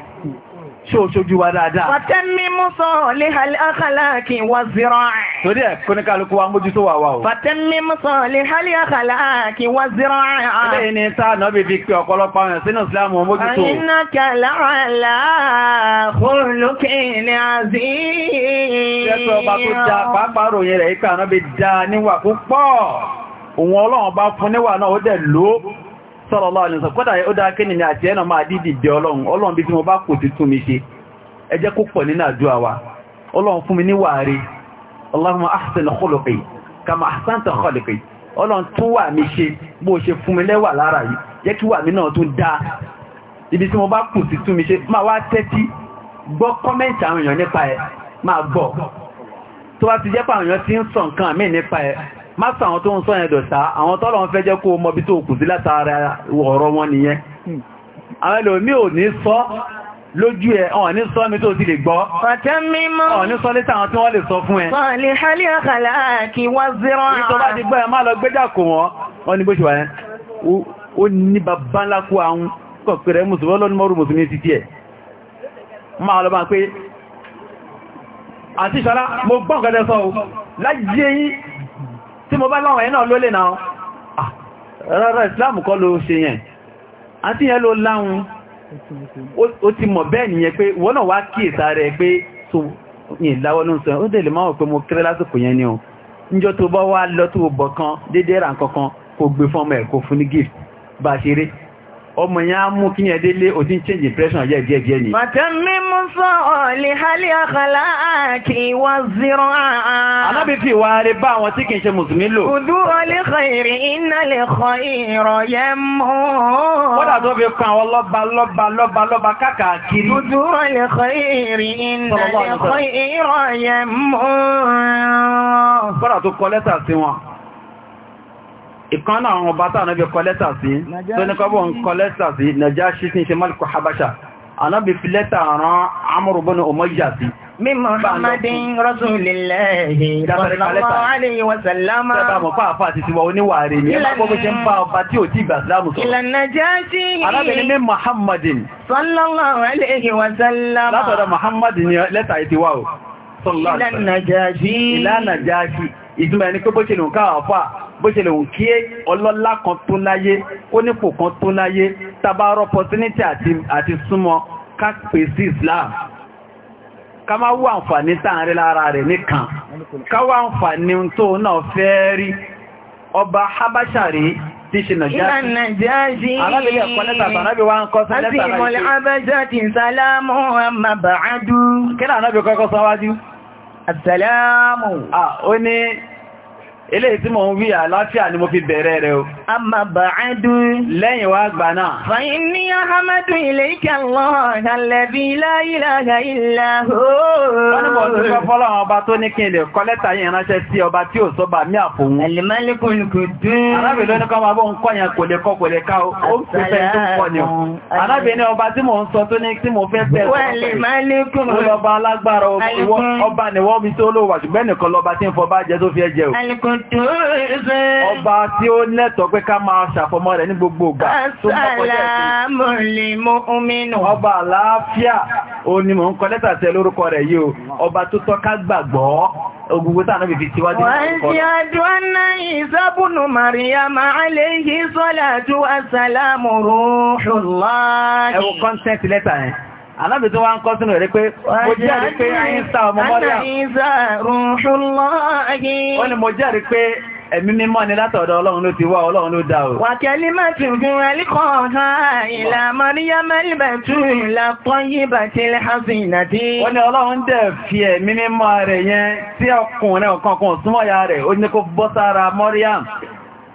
A: ṣó ṣojú wa dáadáa. wàtẹ́
B: mímú sọ lè halẹ̀ àkàlà kí wọ́n zirọ́ ẹ̀.
A: torí ẹ̀ kó ní kálukú wa mójútó wa wa o.
B: wàtẹ́ mímú sọ lè àkàlà kí wọ́n zirọ́ ẹ̀. eléyìí ni
A: tá àná bíbí pé ọ̀pọ̀lọpọ̀ àwọn ẹ̀sìn ìsìlámù mójútó. àyínná
B: kàlà àlà olókè ní àzí. ṣẹ́tọ̀ ọba tó da pàápàá
A: ròyìn rẹ̀ yìí pé àná bí da níwà púpọ̀ òun ọlọ́run bá fún níwà náà ó dẹ̀ lò sallallahu alaihi wasallam kódà ó dáa kéènì àti ẹ̀nà máa dídì bẹ ọlọ́run ọlọ́run bí tí mo bá kò ti tún mi ṣe ẹ jẹ́ kó pọ̀ nínú àdúrà wa ọlọ́run fún mi ní wàárí allahumma ahsin khuluqi kama ahsanta khuluqi ọlọ́run tún wà mí ṣe bó ṣe fún mi lẹ́wà lára yìí jẹ́ kí wà mí náà tún dáa ibi masa àwọn tó ń sọ yẹn dọ̀ta àwọn tọ́lọ̀ ń fẹ́ jẹ́ kó mọ́bí tó kù sí látara ọ̀rọ̀ wọn nìyẹn hmm. àwọn ẹlòmí ò ní sọ lójú ẹ̀ ọ̀n ní sọ́mi tó ti lè gbọ́. Fàtẹ́ mímọ́. Ọ̀n ní sọ létà àwọn àti ìṣọ́lá mo gbọ́ nǹkan tẹ́ sọ o tí mo bá láwọn ẹ̀ náà ló lè náà rárá ìsìláàmù kọ́ ló ṣe yẹn àti yẹn ló láhun ó ti mọ̀ bẹ́ẹ̀ nìyẹn pé wọ́n náà wá kíyèsá rẹ̀ pé tó yìn láwọ́ ló sọ ó dẹ̀ lè máa pé mo kéré lásìkò yẹn ni o níjọ́ tó bá wá lọ tó bọ̀ kan dédé ra nǹkan kan kò gbé fọ́mọ ní gift ọmọ yẹn á mú kí yẹn délé o ti ń change impression yẹ gẹ́gẹ́ ni.
B: bàtà mímú sọ ọ̀lẹ́ hali àkàlà àti ìwà zero àá. alábí
A: fi ìwà rẹ̀ bá àwọn tí kì í ṣe mùsùlùmí lò. kùdú
B: ọlẹ́ kẹrì iná lè kọ ìrọ̀ yẹn mú. kódà tó fi kan àwọn lọ́ba lọ́ba lọ́ba lọ́ba káàkiri. kùdú ọlẹ́ kẹrì iná lè kọ
A: ìrọ̀ yẹn mú. kódà tó kọ lẹ́tà sí wọn ìkan náà àwọn ọba tàà náà kọ lẹ́tà sí tó ní kọ́bọ̀ ń kọ lẹ́tà sí Najashi tí ń ṣe Maliku Habasha anábi fi lẹ́tà rán Amru bun Umayya sí min Muhammadin Rasulillahi sallallahu alaihi wa sallama tẹ́bà mọ̀ fáà fáà ti ti wà oníwàárí ní ẹgbàgbogbo ṣe ń bá ọba tí ò tí ìgbà Ìsìlámù sọ ila
B: Najashi arábìnrin min
A: Muhammadin sallallahu alaihi wa sallama látọ̀dọ̀ Muhammadin ni lẹ́tà ìtiwá ò sallallahu alaihi wa sallama ila Najashi ìtumẹ̀ ní kó bó ṣe nù káà fáà bó ṣe lè wù kí ọlọ́lá kan tó láyé kó nípò kan tó láyé tabarọ pọtínítì àti súnmọ́ ká pè sí Islam ká má wá àǹfààní táàrin lára rẹ̀ nìkan ká wá àǹfààní tó náà fẹ́ rí ọba Habasha rí tí ṣe nàjáàjì arábìlẹ̀ ẹ̀kọ́ lẹ́ta àtàrábì wá ń kọ́ sí lẹ́ta àti ìmọ̀lẹ̀
B: abẹ́jọ́tì sálámù àmàbàádú kí náà náà bí kọ́kọ́ sọ́wájú
A: àtàlámù ó ní eléyìí tí mo ń wí àlàáfíà ni mo fi bẹ̀rẹ̀ rẹ̀ o. amma ba'adu. lẹ́yìn wá gbà náà.
B: fa inni ahamadu ilayka Allah alladhi la ilaha illa hu. wọ́n ní mo ti fẹ́
A: fọ́lọ́ ọba tó ní kí n lè kọ́ lẹ́tà yẹn ránṣẹ́ sí ọba tí ò sọ bà mí àfòun. al-malikul qudus. arábìnrin kan máa bọ́ ń kọ́ yẹn kò lè kọ́ kò lè ká o. ó ń fi Ọba tí ó lẹ́tọ̀ pé ká máa ṣàfọmọ́ rẹ̀ ní gbogbo ìgbà tó mọ́kànlẹ̀
B: sí. Ọba àlàáfíà,
A: ó ní mò ń kọ lẹ́tà sí lórúkọ rẹ̀ yìí o, ọba tó náà fi tíwájú ọ̀rọ̀. Wọ́n yàdù
B: ọ́nà ìsábùnù Màríyàmà aléyìí sọ́làjú àsàlámù rúhùlá.
A: Ẹ wo kọ́ńtẹ́ǹtì Ànábì tó wá ń kọ́ sínú rẹ̀ pé mo jẹ́rìí pé Àyínsá ọmọ Mọ́ríà. Ó ní mo jẹ́rìí pé ẹ̀mí mímọ́ ni látọ̀dọ̀ Ọlọ́run ló ti wá Ọlọ́run ló dá o. Wà kẹ́lí máa ti gún ẹlíkọ̀ ọ̀gá ìlà Mọ́ríyá Mẹ́lìbẹ̀tù ìlà pọ́yí bàtí lẹ́hàfìnàdí. Ó ní Ọlọ́run dẹ̀ fi ẹ̀mí mímọ́ rẹ̀ yẹn tí ọkùnrin ọ̀kankan súnmọ́ ya rẹ̀ ó ní kó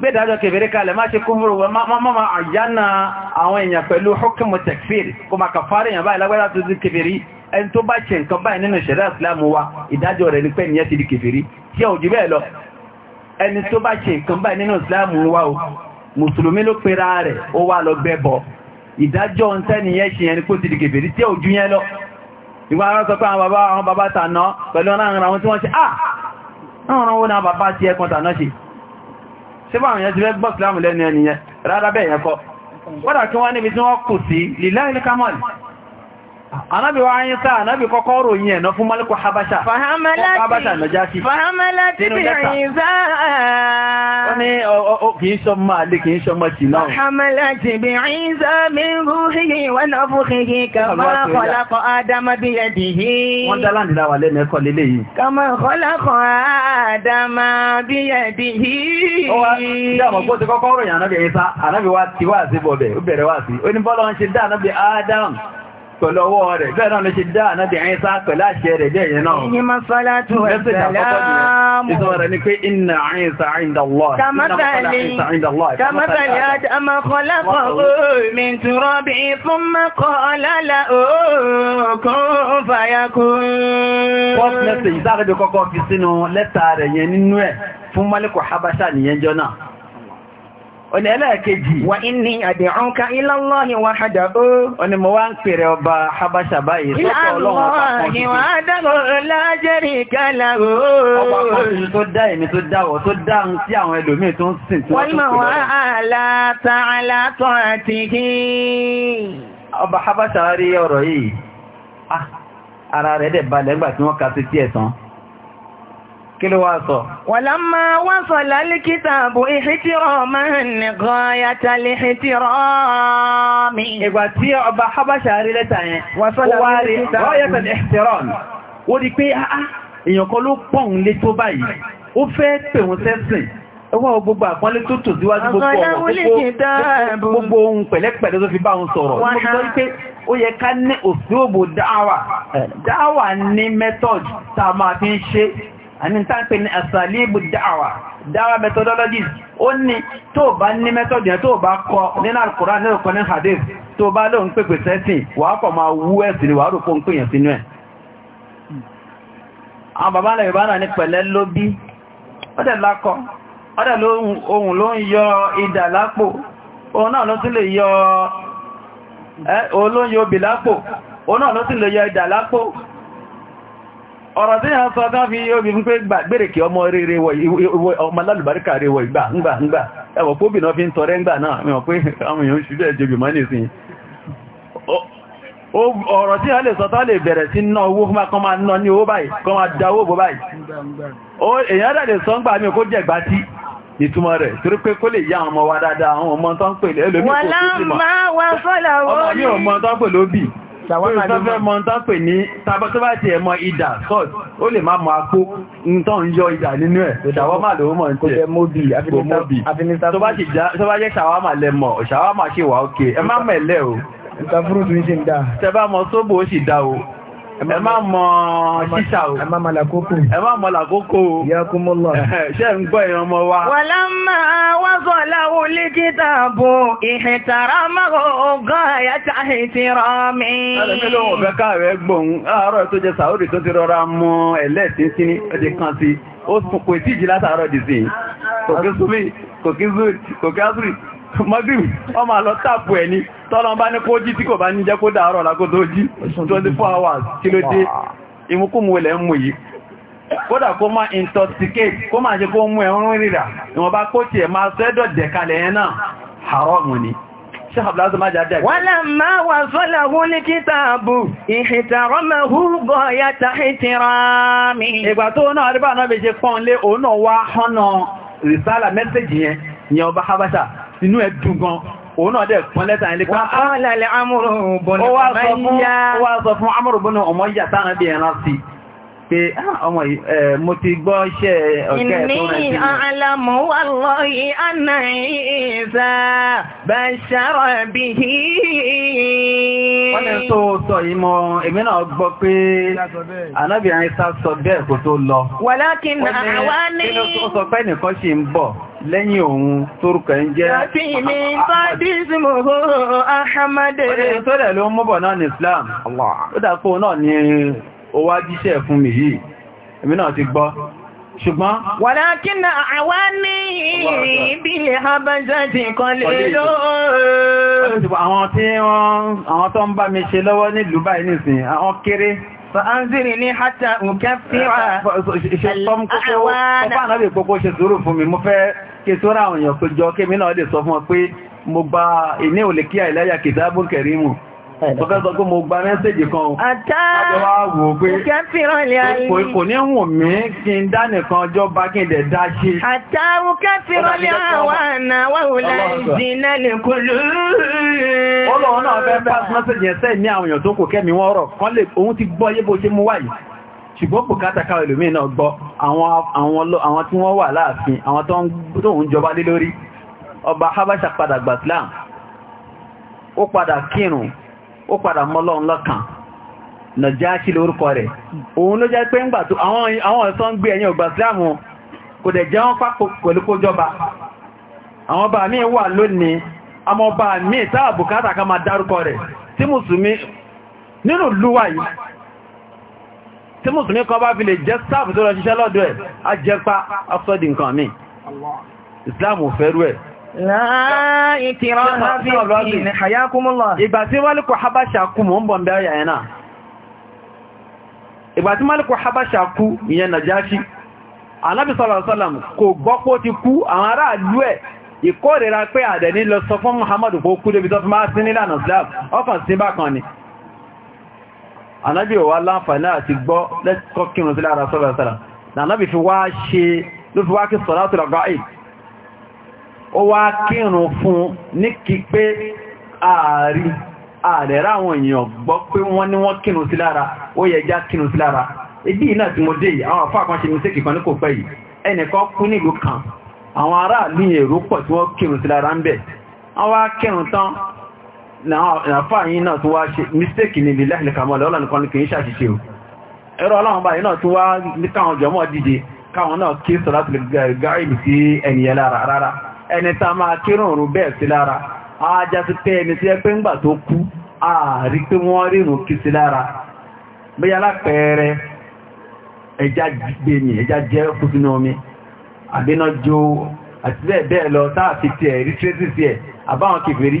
A: gbẹ́dájọ́ kèfèrè kalẹ̀ má ṣe kúfúrú mọ́mọ́ àyánà àwọn èèyàn pẹ̀lú hukumu tekfir kò ma kàfàrí èèyàn báyìí lágbàdá tó ti kèfèrí ẹni tó bá ṣe nǹkan báyìí nínú ṣẹ̀dá ìsìlámù wa ìdájọ́ rẹ̀ ní pé nìyẹn ti di kèfèrí tí ò jù bẹ́ẹ̀ lọ ẹni tó bá ṣe nǹkan báyìí nínú ìsìlámù wa o mùsùlùmí ló pera rẹ̀ ó wá lọ gbẹ́bọ ìdájọ́ ń ah àwọn ọ̀nà wọn náà bàbá ti ẹkùn síbà àwọn èèyàn ti fẹ́ gbọ́ ìsìlámù lẹ́nu ẹniyẹn rárá bẹ́ẹ̀ yẹn kọ́ wọ́n dà kí wọ́n Anábì wa ayin sáà, anábì kọ́kọ́ ròyìn ẹ̀nà fún Málíkù Habasha. Habasha Nàjásí. Fàhámálá ti bí ìzá. Ó ní kìí ṣọmọ àlè kìí ṣọmọ tì náà.
B: Fàhámálá ti bí ìzá mi rú hìhì wà náà fún hìhì kàmá kọlákọ̀ Ádámá bí ẹ̀dì hì.
A: wa ti wá sí bọ̀bẹ̀, ó bẹ̀rẹ̀ wá sí. Ó ní bọ́lá wọn ṣe dá pẹ̀lú ọwọ́ rẹ̀ bẹ́ẹ̀ náà ló ṣe dá ànábì Ìsá pẹ̀lú àṣẹ rẹ̀ bẹ́ẹ̀ yẹn náà. Ní masalatu ẹ̀sẹ̀láàmù. Ìsọ̀rọ̀ rẹ̀ ni pé iná Ìsá inda Allah. Kàmátàlì àtàmà kọlákọ̀ omi tùrọ̀
B: bí fún mẹ́kọ̀ ọ̀lálà
A: òkun fàyàkùn. First message, ìsáàkẹ́bẹ̀ ọ̀nà ẹlẹ́ẹ̀kejì wà ní àdìrúnká ilọ́lọ́hìn wà hajjá ó ọ̀nà mọ̀ wá ń pèrè ọba habasha báyìí sọ́tọ̀ ọlọ́run ọ̀pọ̀ wà dágò lájẹ́rì kálà ó ọba pàtàkì tó dá èmi tó sí tí wọ́n kí ló wá sọ?
B: wọ̀lá máa wá sọ lálíkítà bó ìhítírọ̀ máa nìkan
A: yàtà lè hítírọ̀ mi. ìgbà tí ọba habasha rí lẹ́tà yẹn wọ́n wá rí ah, ah, wọ́n ẹwọ́ gbogbo àpọ́nlé tó tò síwájú gbogbo ohun pẹ̀lẹ́pẹ̀lẹ́ tó fi bá wọn sọ̀rọ̀ ó yẹ ká ní òsíòbò dáwà dáwà ní method tá ṣe àmì tánpé ní àsàlíbù dawa dáwà methodologies ó to ba bá method yẹn to ba kọ nínú Al-Qur'an nínú kọ ní hadith tó bá lóun pèpè sẹ́sìn wà ma wú ẹ̀sìn ni wà rò fún pèyàn sínú ẹ̀ àwọn bàbá ni pele lobi ní la ọ̀rọ̀ tí a sọ tán fi obi ń pé ọmọ rere wọ ọmọ rewọ ìgbà ńgbà ńgbà ẹwọ̀ fi ń tọrẹ ńgbà náà mẹ́wọ̀n pé àwọn èèyàn ṣùgbẹ́ ìjọbi mọ́ ní ìsìn ọ̀rọ̀ tí a lè sọ lè bẹ̀rẹ̀ sí ná owó kan ná ní owó báyìí ìtumọ̀ rẹ̀ torí pé kó lè yá ọmọ Ìsọ́fẹ́ mọ́ ń tán pè ní tó bá ti ẹ̀mọ ìdà sọ́t, ó lè máa mọ apó ń tán ń yọ ìdà nínú ẹ̀. Ṣàwámà ló mọ̀ ń tẹ̀. Tó bá jẹ́ ṣàwámà lẹ́mọ̀, ṣàwámà ṣe wà ókè. Ẹ má mẹ̀lẹ́ o. Ìtàfúrú tún ṣe ń dá. Tẹ sóbò ó sì dá o ẹ má mọ ṣíṣà o ẹ má mọ làkókò ẹ má mọ làkókò o ya kúmọ lọ ṣe ń gbọ́ ìran ọmọ wa.
B: wàlá máa wá sọ láwọn olùkítà bò ìhìntàrà mọ́kò ọgọ́ àyàtà ìtìrọ mi. ẹlẹ́mi ló wọ̀
A: fẹ́ káàrẹ́ gbòun àárọ̀ tó jẹ sàórì tó ti rọra mọ ẹlẹ́ẹ̀tì sí ní ẹ̀dẹ̀ kan sí ó kò tíì jí látàárọ̀ dì sí kò kí súnmí kò kí zúrì kò kí ásùrì mọ́gbìm ọmọ àlọ́ tààpù ẹni tọ́lọ bá ní kó jí tí kò bá ní jẹ́ kó dáárọ̀ lákó tó jí 24 hours kí ló dé ìmúkùmù ilẹ̀ ń mú yìí kódà kó má intoxicate kó má ṣe kó mú ẹ̀rún rírà ìwọ̀n bá kó tiẹ̀ máa sẹ́dọ̀ dẹ̀kalẹ̀ ẹ̀ náà haram ni ṣe àbúlázọ má jáde ẹ̀kọ́. wọ́n lè máa wà sọ́là hún ní kíta àbù ìhìtàrọ́mẹ̀ húgbọ́ yàtà ìtìrámi. ìgbà tó náà rí bá náà fi ṣe pọ́n lé òun náà wá hánà rìsálà mẹ́sẹ̀jì yẹn ìyẹn ọba habasha inú ẹ̀ dùn gan òun náà dẹ̀ pọ́n lẹ́ta ilé ká pé ah, ah, ọmọ mo ti gbọ́ iṣẹ́ ọ̀kẹ́ tó rẹ̀ sí ní
B: àlàmọ́ wà lọ́yí ànà ìsà bá ṣàrọ̀ bí i
A: wọ́n lè tó sọ ìmọ̀ èmi náà gbọ́ pé lẹ́yìn òun tórúkọ ń jẹ́ àfihìní ṣùgbọ́n wàlákínà àwá ní ìbílẹ̀ habazati kan lè ló àwọn tó ń bá mi ṣe lọ́wọ́ nílùú báyìí nìsìn àwọn kéré fa'anziri ni hata ukẹ́fíwà ṣe tọ́m kókó fọ́fà náà lè kókó ṣe sùúrù fún mi mo fẹ́ kí tó rá àwọn èèyàn pé jọ kí mínà lè sọ fún ọ pé mo gba ìní ò lè kí àìláyà kìtàbù kẹrìmù mo pé mo gba mẹ́sẹ̀jì kan o àjọwà wò pé kò ní wùn mí kí n dá ọjọ́ bá kí n dẹ̀ dá ṣe àtàwù kẹfìrọlẹ̀ àwọn àwọn ṣùgbọ́n bùkátà káwọn ìlú mìíràn gbọ́ àwọn tí wọ́n wà láàfin àwọn tó ń jọba lé lórí ọba habasha padà gbà Islam ó padà kírun ó padà mọ́lọ́un lọ́kàn Nàjáṣì lórúkọ rẹ̀ òun ló jẹ́ pé ńgbà tó àwọn ọ̀sán ń gbé ẹ̀yìn ọgbà Islam kò dẹ̀ jẹ́ wọ́n pápò pẹ̀lú kó jọba àwọn ọba mi wà lónìí àmọ́ ọba mi táà bùkátà máa dárúkọ rẹ̀ tí mùsùlùmí nínú lúwà yìí tí mùsùlùmí kan bá fi lè jẹ́ sáàfù tó lọ ṣiṣẹ́ lọ́dọ̀ ẹ̀ á jẹ́pá afsọ́dì nǹkan mi islam ò fẹ́rú ẹ̀ ìgbà tí Málíkù Habasha kú ìyẹn Nàjáṣì Ànábì sallallahu alaihi wasallam kò ti kú àwọn ará ìlú ẹ̀ ìkórìíra pé àdẹ̀ ní lọ sọ fún Muhammadu kó kú débi tó fi máa sí nílànà Islam ọkàn sí bákan ni anábì ò wá láǹfààní àti gbọ́ lẹ́kọ́ kírun sí lára sọ́rọ̀ sára anábì fi wá ṣe ló fi wá kí sọ̀rọ̀ àti ọgbà ẹ̀ ó wá kírun fún ní kí pé ààrí ààrẹ ráwọn èèyàn gbọ́ pé wọ́n ní wọ́n kírun sí lára ó yẹ já kírun sí àfáàyí náà tó wá ṣe mistake níbi lẹ́ẹ̀lẹ́kàmọ́lẹ̀ ọlọ́nà kan ní kìí ṣàṣìṣe o ẹ̀rọ ọlọ́run báyìí náà tó wá káwọn jọmọ́ dìde káwọn náà kí sọ́látì gáìbì sí ẹniyẹ lára rárá ẹni tá máa kírùn rú bẹ́ẹ̀ sí lára ajá ti ẹni tí ẹ àti bẹ́ẹ̀ bẹ́ẹ̀ lọ fi rí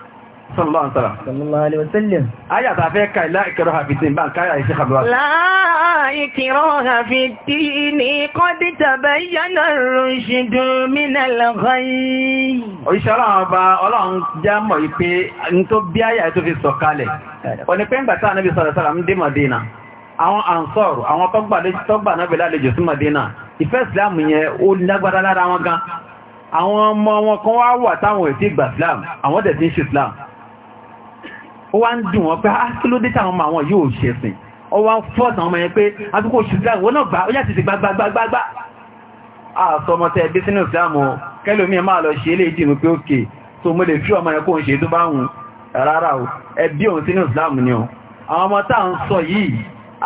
A: sallallahu alaihi wasallam sallallahu alaihi wasallam aya ta fẹ́ kai la ikraha fi din ban kai ayi sheikh abdullah
B: la ikraha fi din qad tabayyana ar-rushd min
A: al-ghayy o oh, isara ba Ọlọ́hun já mọ̀ ipe n tó bí aya tó fi sọ̀kalẹ̀ ó ní pé ngba ta nabi sallallahu alaihi wasallam dé Madina àwọn ansor àwọn tó gbà lé tó gbà sí Madina ìfẹ́ islam yẹn ó lágbára lára wọn gan àwọn ọmọ wọn kan wá wà táwọn èsì ìgbà islam àwọn dẹ̀ islam ó wá ń dùn wọn pé á ah, kí ló dé táwọn ọmọ àwọn yóò ṣẹ̀sìn ó wá ń fọ́ọ̀sì àwọn ọmọ yẹn pé àkókò ṣùgbọ́n ìwọ náà gbà ó yà tètè gbagbagbagbagbà àsọmọtẹ ẹbí sínú ìsìlámù kẹlòmí máa lọ ṣe é lè dìnnú pé òkè tó mo lè fi ọmọ yẹn kó ń ṣe tó bá wùn rárá o ẹbí òun sínú ìsìlámù ni o àwọn ọmọ tá à ń sọ yìí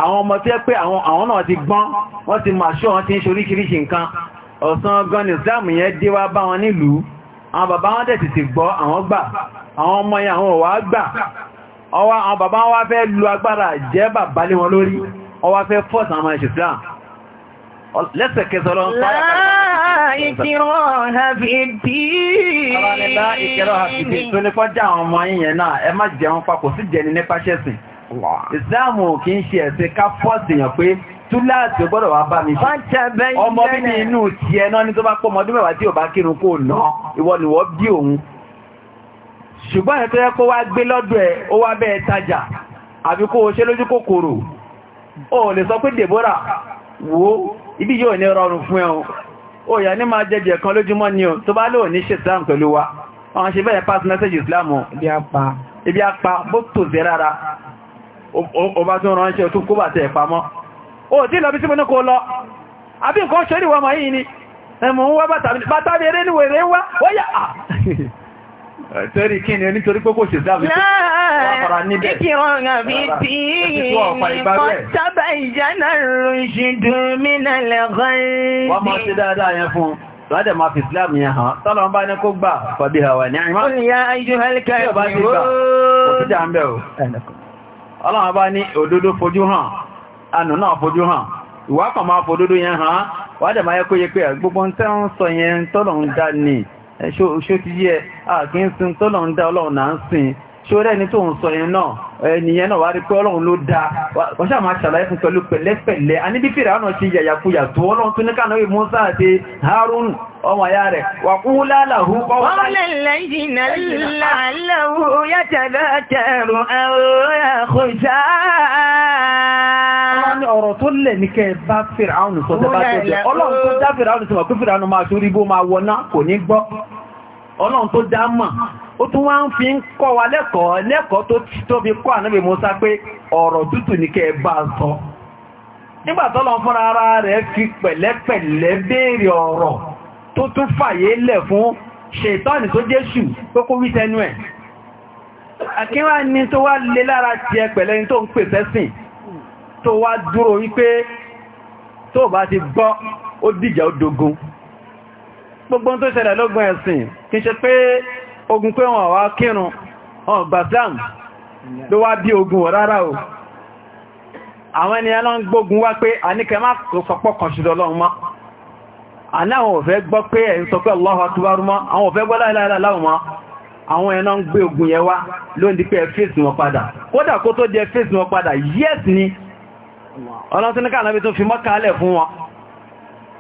A: àwọn ọmọ tó yẹ pé àwọn náà ti gbọ́n wọ́n ti máa ṣọ́ wọn ti ń ṣe oríṣiríṣi nǹkan ọ̀sán gan ni ìsìlámù yẹn dé wá bá wọn nílùú àwọn bàbá wọn dẹ̀ tètè gbọ́ àwọn gbà àwọn ọmọ yẹn àwọn ò gbà ọwá àwọn bàbá wá fẹ́ lu agbára jẹ́ bàbá lé wọn lórí ọwá fẹ́ fọ́s àwọn ẹ̀ṣẹ̀ islam lọ ń túláàtì gbọ́dọ̀ wá bá mi ṣe ọmọ bí ní inú tí ẹ̀nà ní tó bá pọ̀ mọ́dún tí ò bá kírun kò náà ìwọ ni wọ́n bí òun ṣùgbọ́n ẹ̀ tó yẹ kó wá gbé lọ́dọ̀ ẹ̀ ó wá bẹ́ẹ̀ tajà àbí kó o ṣe lójú kòkòrò o lè sọ pé dèbóra wo ibi yóò ní rọrùn fún ẹ̀ o yà ní máa jẹjẹ kan lójúmọ́ ni o tó bá lóò ní ṣe islam pẹ̀lú wa wọ́n ṣe bẹ́ẹ̀ pass message islam ibi apá bó tò zẹ́ rárá o bá tún ránṣẹ́ tó kó bàtẹ̀ ìpamọ́ o tí lọ bí sí mọ́ lọ àbí nǹkan ṣe rí mọ̀ yìí ni ẹ̀mọ̀ ń wá bàtà bèrè ní wèrè wá wọ́yà Tẹ́rí kí ni nítorí pé kò ṣe dáàbí tó wáfara níbẹ̀. Láàrín ìkìrọ̀nà bí tí kọ́tàbà ìjánà rùṣìdù mínà lẹ́gbẹ̀ẹ́. Wọ́n máa ṣe dáadáa yẹn fún Lọ́dẹ̀ máa fi Islam yẹn hàn, tọ́lọ bá ní kó gbà fàbí àwà ní àìmá. ma ayú hálíkà ìwòó. Ọlọ́run bá ní òdodo fojú hàn, ànù náà fojú hàn, ìwákan máa ṣó ti yẹ àkínsìn tó lọ ń dá ọlọ́run náà ń sìn ṣoré ẹni tó ń sọ yẹn náà ẹniyẹn náà wá rí pé ọlọ́run ló dá wọ́n ṣàmà ṣàlàyé fún pẹ̀lú pẹ̀lẹ́pẹ̀lẹ́ a ní bí fèrè àwọn ṣe yàyàkúyà tó ọlọ́run tó ní kànáwé Musa àti Harun ọmọ ya rẹ̀ wà kú láàláhù ọ̀rọ̀ tó lẹ̀ ní kẹ́ bá ọlọ́run tó dá mọ̀ ó tún wá ń fi ń kọ́ wa lẹ́kọ̀ọ́ lẹ́kọ̀ọ́ tó tó fi kọ́ ànábì Mùsá pé ọ̀rọ̀ tútù ní kẹ́ bá sọ nígbà tọ́lọ́run fúnra ara rẹ̀ fi pẹ̀lẹ́pẹ̀lẹ́ béèrè ọ̀rọ̀ tó tún fàyè lẹ̀ fún ṣètọ́nì tó jésù tó kó wí tẹnu ẹ̀ àkíwá ni tó wá lé lára ti ẹ pẹ̀lẹ́ ni tó ń pè sẹ́sìn tó wá dúró wípé tó bá ti gbọ́ ó dìjà kí ṣe pé ogun pé wọn wá kírun wọn gbàslam ló wá bí ogun wọ rárá o àwọn ènìyàn lọ ń gbógun wá pé a ní kẹ má sọpọ̀ kan ṣùdọ̀ lọ́wọ́ mọ́ àní àwọn òfẹ́ gbọ́ pé ẹ̀ ń sọ pé Allahu mọ́ àwọn fún wọn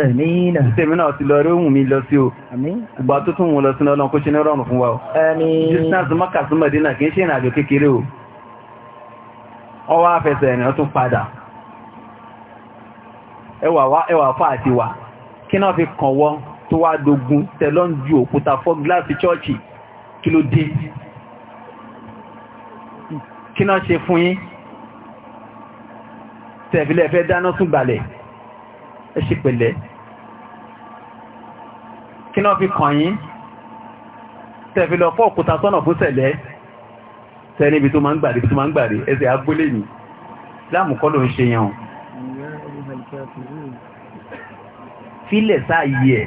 A: Àmìnà. Ìsẹ̀mí náà ti lọ rí ohun mi lọ sí o. Ìgbà tó tún wọn lọ sí ọlọ́run kó ṣe ní rọrùn fún wa o. Distance Mọ́kà sí kìí ṣe ìrìnàjò kékeré o. Wọ́n wá fẹsẹ̀ ẹ̀rìn tún padà. Ẹwà fà àti wà. Kí náà fi kàn wọ́n tó wá dogun tẹ̀lọ́n ju òkúta fọ́ gíláàsì chọ́ọ̀chì kí ló dé. Kí náà ṣe fún yín? Tẹ̀fílẹ̀ fẹ́ dáná sún gbalẹ̀ ẹ ṣe pẹ̀lẹ́ kí náà fi kàn yín tẹ̀fì lọ fọ́ òkúta sọ́nà fún sẹ̀lẹ́ tẹ́ni ibi tó máa ń gbàrí tó máa ń gbàrí ẹsẹ̀ agbólé ní láàmùkọ́ ló ń ṣe yàn fílẹ̀ sáàyè ẹ̀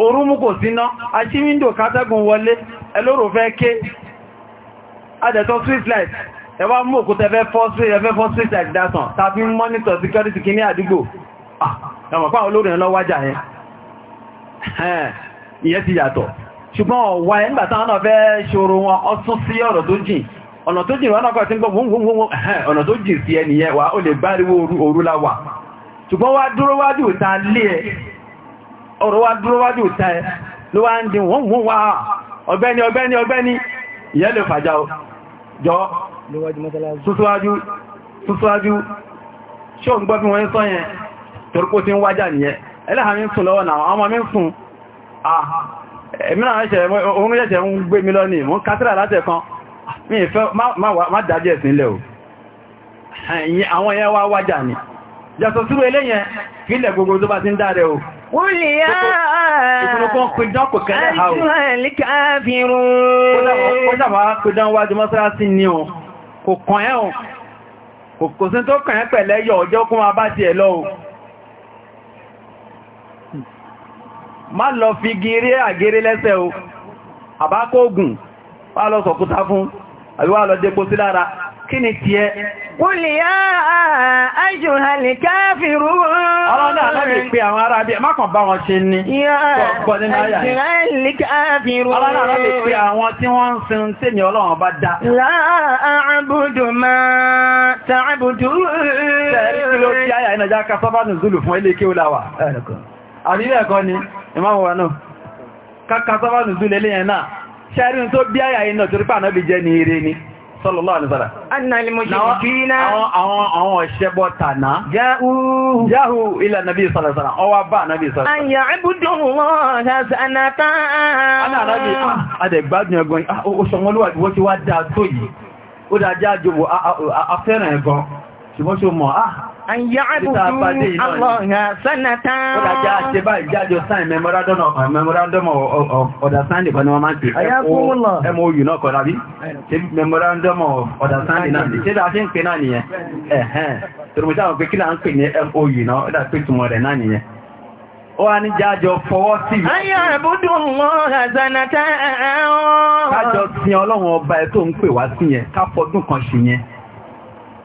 A: orú mú kò síná windo wíńdò kátẹ́gùn wọlé ẹlórò fẹ́ ké adẹ̀tọ́ street light ẹwà mú òkúta ẹfẹ́ fọ́ street light dásan tàbí monitor security kí ní àdúgbò ẹwọ̀n tó jìn ọ̀nà kọ̀ tí ń gbọ́ ọ̀nà tó jìn sí ẹniyẹ wà ó lè gbáriwó orú la ṣùgbọ́n ọ̀rọ̀ wá dúró wájú ìta ẹ ló wá ń di wọ́n mú wá ọ̀gbẹ́ni ọ̀gbẹ́ni ọ̀gbẹ́ni ìyẹ́ lè fàjá jọ súsúwájú súsúwájú ṣó ń gbọ́ bí wọ́n ń sọ yẹn torípò tí ń wájà nìyẹn ẹlẹ́hà mi ń sùn lọ́wọ́ náà ọmọ mi ń sùn àwọn yẹn wá wájà ni yàtọ̀ sírò eléyẹn kí ilẹ̀ gbogbo tó bá ti ń dáre o
B: wúlìyà ìfúnnukún
A: pìdán kò kẹ́lẹ̀ ha o ó dàbà pìdán wájú mọ́sálásí ni o kò kàn ẹ́ o kò sí tó kàn ẹ́ pẹ̀lẹ́ yọ ọjọ́ kún wa bá ti ẹ̀ lọ o má lọ fi gírí àgírí lẹ́sẹ̀ o àbákóògùn wá lọ sọ̀kúta fún àbí wá lọ dépo sí lára kí ni
B: ti ẹ kúlì yá ájò halì káfìrú ọ̀rọ̀ náà lábì pé
A: àwọn ará bí ẹmákan bá wọn ṣe ní ọ̀pọ̀ nínú àyà ọ̀rọ̀
B: náà lábì pé
A: àwọn tí wọ́n ń sin tèmi zulu fún ilé kí ó láwà àrílẹ̀ ẹ̀kọ́ ni ìmáwọn wà náà kákasábánù zulu eléyẹn náà ṣẹ́rin tó bí àyà ìnà torípà náà bí jẹ́ ní eré ni sallallahu alaihi wasallam
B: annal mushrikina
A: àwọn àwọn ọ̀ṣẹ́bọ tàná ja'u ja'u ila nabi sallallahu alaihi wasallam ó wá bá nabi sallallahu
B: alaihi wasallam an ya'budu allaha sanata ana nabi
A: ade ah, gbádùn egon ah, o so won lo wo ti wa da to yi o da ja jobo afẹ́ràn egon ṣùgbọ́n so mo ah
B: Àyàbùdú Allọ́ha
A: sánàtà. Ó dájá ṣe báyìí jájọ sáìn memorandum of uh, understanding kan ni wọ́n máa ń pè. Àyàbùmúlọ̀. Ẹmọ Mou náà kọ̀rọ̀ bí? Memorandum of understanding náà. Ṣé ń pè náà nìyẹn? Ẹ̀hẹ́n. àwọn pé kí náà ń pè ní MOU náà, ó dà pé rẹ̀ náà nìyẹn ó wá ní jájọ fọwọ́ sí ayé àbúdó ọba ẹ̀ tó ń pè wá sí yẹn ká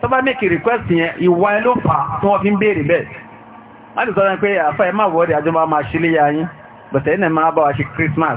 A: tó bá make request yẹn ìwà ẹ ló fà tí wọ́n fi ń béèrè bẹ́ẹ̀ wọ́n ti sọ pé àfà ẹ má wọ́ọ̀dì àjọmọ́ máa ṣílé ya yín bọ̀tẹ̀ ẹ̀ náà máa bá wa ṣe Christmas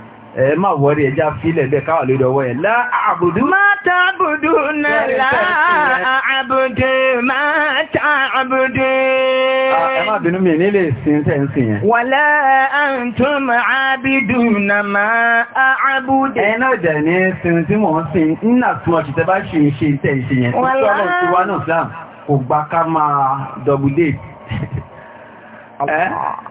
A: ẹ má wọ́rí ẹjá fílẹ̀ bẹ́ káwà lórí ọwọ́ ẹ̀ láàbùdú máa tààbùdú náà láàbùdú máa tààbùdú ẹ má bínú mi nílé sínsẹ̀nsìn yẹn wà láàntún àbìdú na máa àbùdú ẹ náà jẹ́ ní sínsí mọ̀ sí nínà tún ọ̀ṣìṣẹ́ bá ṣe ṣe tẹ̀ ṣe yẹn tó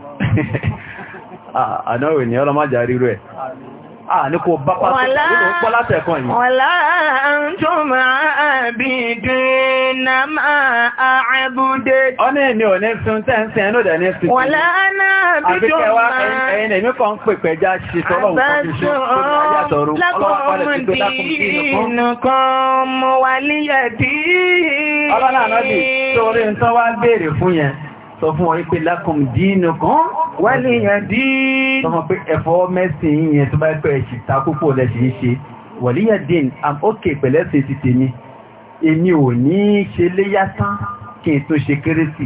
A: àdáwò ènìyàn Aa, ríro ẹ̀ ní kò bá pàtàkì wọ́lá
B: tó máa bí dínà máa àbúdé ọ
A: ní ní ò si tún tẹ́ǹsẹ̀ ẹnú dẹ̀ ní sí wọ́lá náà bí tó máa ẹ̀yìn èmi kan pèpẹ̀ já bere sọ fún wọn pé lákùn dínú kan wálé yẹn dí sọ fún pé ẹ̀fọ́ mẹ́sìn yẹn tó bá pẹ́ ẹ̀ṣì ta púpọ̀ lẹ́ṣì ń ṣe wàlíyà dín am ok pẹ̀lẹ́sìn ti tèmi èmi ò ní ṣe léyá tán kí n tó ṣe kérésì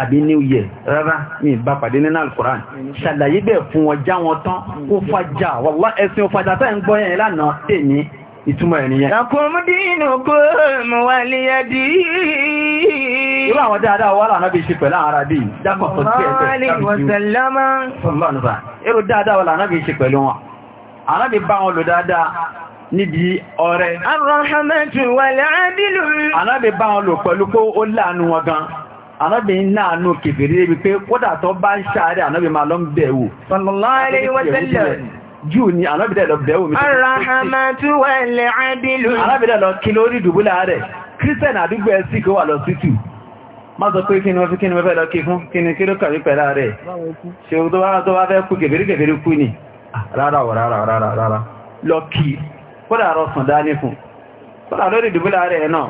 A: àbí new year rárá mi bá pàdé nínú alukoran ṣàlàyé bẹ́ẹ̀ fún wọn já wọn tán kó fàjà wàlá ẹ̀sìn òfàjà tá ẹ̀ ń gbọ́ yẹn lánàá tèmi ìtumọ̀ ènìyàn. Ẹkùnmú kó mú wà lè yẹ dí. àwọn dáadáa wà láàrín bí i ṣe pẹ̀lú ara bí i dákọ̀ níbi ọ̀rẹ́. Arọ́hámẹ́tù wà láàdìlú. Anábì bá wọn lò pẹ̀lú pé ó láàánú wọn gan. Anábì ń kèfèrè wípé kódà tó bá ń ṣàárẹ̀ anábì máa lọ ń bẹ̀wò. Sallallahu alaihi wa jù ni alábìdẹ̀ lọ bẹ̀wò mi alábìdẹ̀ lọ kí lórí dùbúlà rẹ̀ kírísẹ̀n àdúgbò ẹ̀ sí kó wà lọ sítù má sọ pé kí ni wọ́n fi kí ni wọ́n lọ ni kí lọ kí kódà rọ sàn dání fún kódà lórí rẹ̀ náà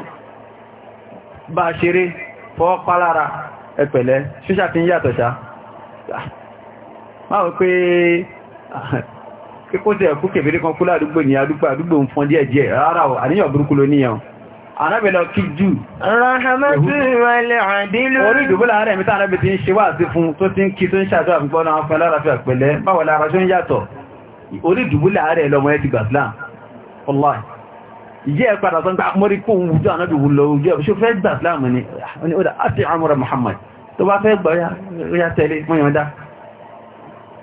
A: bá ṣeré fọ́ kíkó tẹ̀ kú kèfèrè kan kúlá àdúgbò ní àdúgbò àdúgbò ń fún díẹ̀ díẹ̀ rárá o àníyàn burúkú ló níyàn anábẹ̀lọ kí jù orí ìdìbò láàárẹ̀ mi tánàbì ti ń ṣe wà sí fún tó ti ń kí tó ń ṣàtọ́ àfipọ́nà afẹ́ lárafẹ́ pẹ̀lẹ́ báwọn lára ṣó ń yàtọ̀ orí ìdìbò láàárẹ̀ lọmọ ẹ ti gbàsílá ọláì ìjẹ́ ẹ̀padà sọ́gbà ah, mọ́rí kó wùjọ́ ànábì wùlọ ojú ẹ̀ṣọ́ fẹ́ gbà síláàmù ni ó dá àti àmúra Muhammad tó bá fẹ́ gbà ó yá tẹ́lé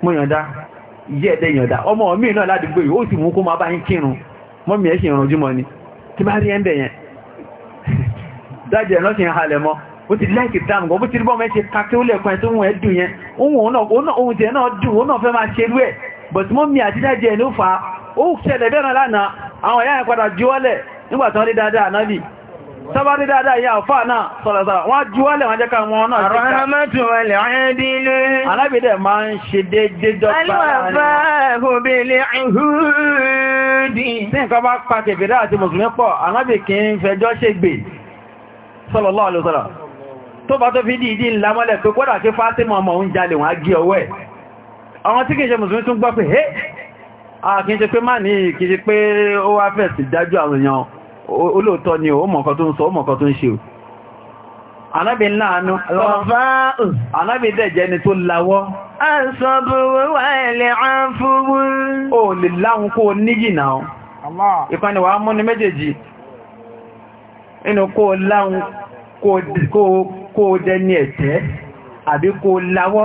A: mọ́yàndá yí ẹ̀dẹ́ ìyànda ọmọ mi náà ládùúgbò yìí ó sì mú kó máa bá ń kírun mọ́mí ẹ̀ sì ràn jùmọ̀ ni tí bá rí ẹ̀ndẹ̀ yẹn dájì ẹ̀ lọ́sìn halẹ̀ mọ́ ó ti láìkì dáàmù gan bó ti rí bọ́mọ ẹ̀ ṣe kakẹ́ ó ẹ̀ tó tọ́bárí dáadáa ìyá àfáà náà sọ̀rọ̀sà wọ́n juwálẹ̀ wọ́n jẹ́ ká wọn náà ṣe ká. àrọ́hámẹ́tù wọn lè ẹ́ dílé. alábìdẹ̀ máa ń ṣe déédé dọ́gba ni. alùpàá òbílẹ̀ ìhúdì. tí nǹkan bá pa kèfèrè àti mùsùlùmí pọ̀ alábì kì í fẹjọ́ ṣègbè sallallahu alaihi wasallam tó bá tó fi dìídì ńlá mọ́lẹ̀ pé kódà kí fátímọ̀ ọmọ òun jalè àwọn tí kìí ṣe mùsùlùmí tún gbọ́ ṣe pé ó wá fẹ̀ sí olóòtọ́ ni ó mọ̀kan tó ń sọ mọ̀kan tó ń ṣe anábi láàánú anábi dẹ̀jẹ́ ni tó lawọ́ asọ́bùrú ilẹ̀ àfúrú o lè láhun kó níyì náà ìpani wà mú ní méjèèjì inú kó láhun kó dẹni ẹ̀tẹ́ àbí kò láwọ́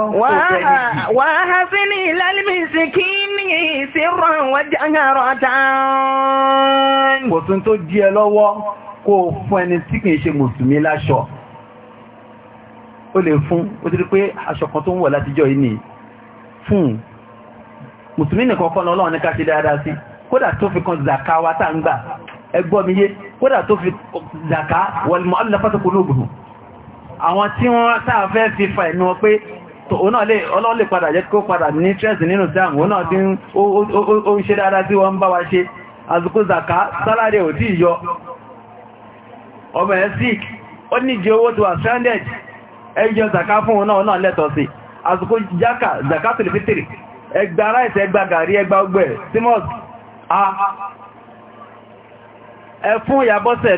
A: wà
B: á sí ní ìlàlìmìsì kí ní ìsìnrọ̀ wájá àrọ̀ tán
A: kò tún tó dí ẹ lọ́wọ́ kó fún ẹni tí kìí ṣe mùsùlùmí láṣọ ó lè fún ó ti rí pé aṣọ kan tó ń wọ̀ látijọ́ yìí ni fún nìkan kọ́ lọ́wọ́ ní ká ṣe dáadáa sí kódà tó fi kan zàká wa tá ń gbà ẹgbọ́ mi yé kódà tó fi zàká wal mu'allafati qulubuhum àwọn tí wọ́n sáà fẹ́ fi fa ẹ̀mí wọn pé ọlọ́lẹ̀ padà jẹ́ kó padà ní tẹ́ẹ̀sì nínú sáàmù ó náà tí ó ń ṣe dáadáa tí wọ́n bá wa ṣe àsìkò zaka sálárì ò tí yọ ọmọ ẹ̀ sick ó owó tó wà zaka fún jaka zaka ẹ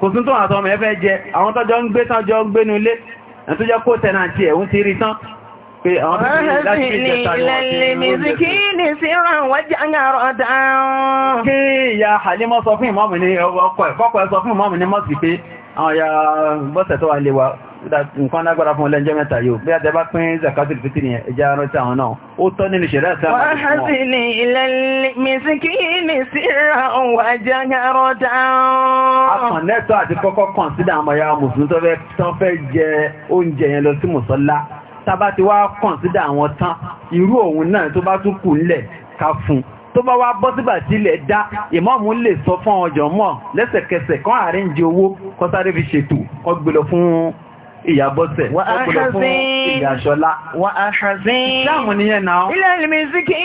A: kò tún tó àtọ́ ọmọ ẹfẹ́ jẹ àwọn tọ́jọ́ ń gbé tánjọ́ ń gbénú ilé ẹni tó jẹ́ kó tẹ́nà àti ẹ̀hún ti rí tán pé àwọn tó ti láti fi jẹta ìwọ̀n tí ó ń gbé nǹkan lágbára fún ọlẹ́jẹ́ mẹ́ta yóò bí àtẹ́bá pín zakatul fitri yẹn rántí àwọn náà ó tọ́ nínú ìṣẹ̀lẹ̀ àti àwọn àwọn àhásìnì ilẹ̀ tó bá wá bọ́ sígbà tí ilẹ̀ dá ìmọ́mù lè sọ fún ọjọ́ mọ́ lẹ́sẹ̀kẹsẹ̀ kan àárín owó kọ́sáré fi ṣètò kọ́ fún ìyá bọ́sẹ̀ ọkùnrin fún ìyá ṣọlá. wà á ṣàzín ìjáàmù nìyẹn
B: náà. ilé ìlmi síkì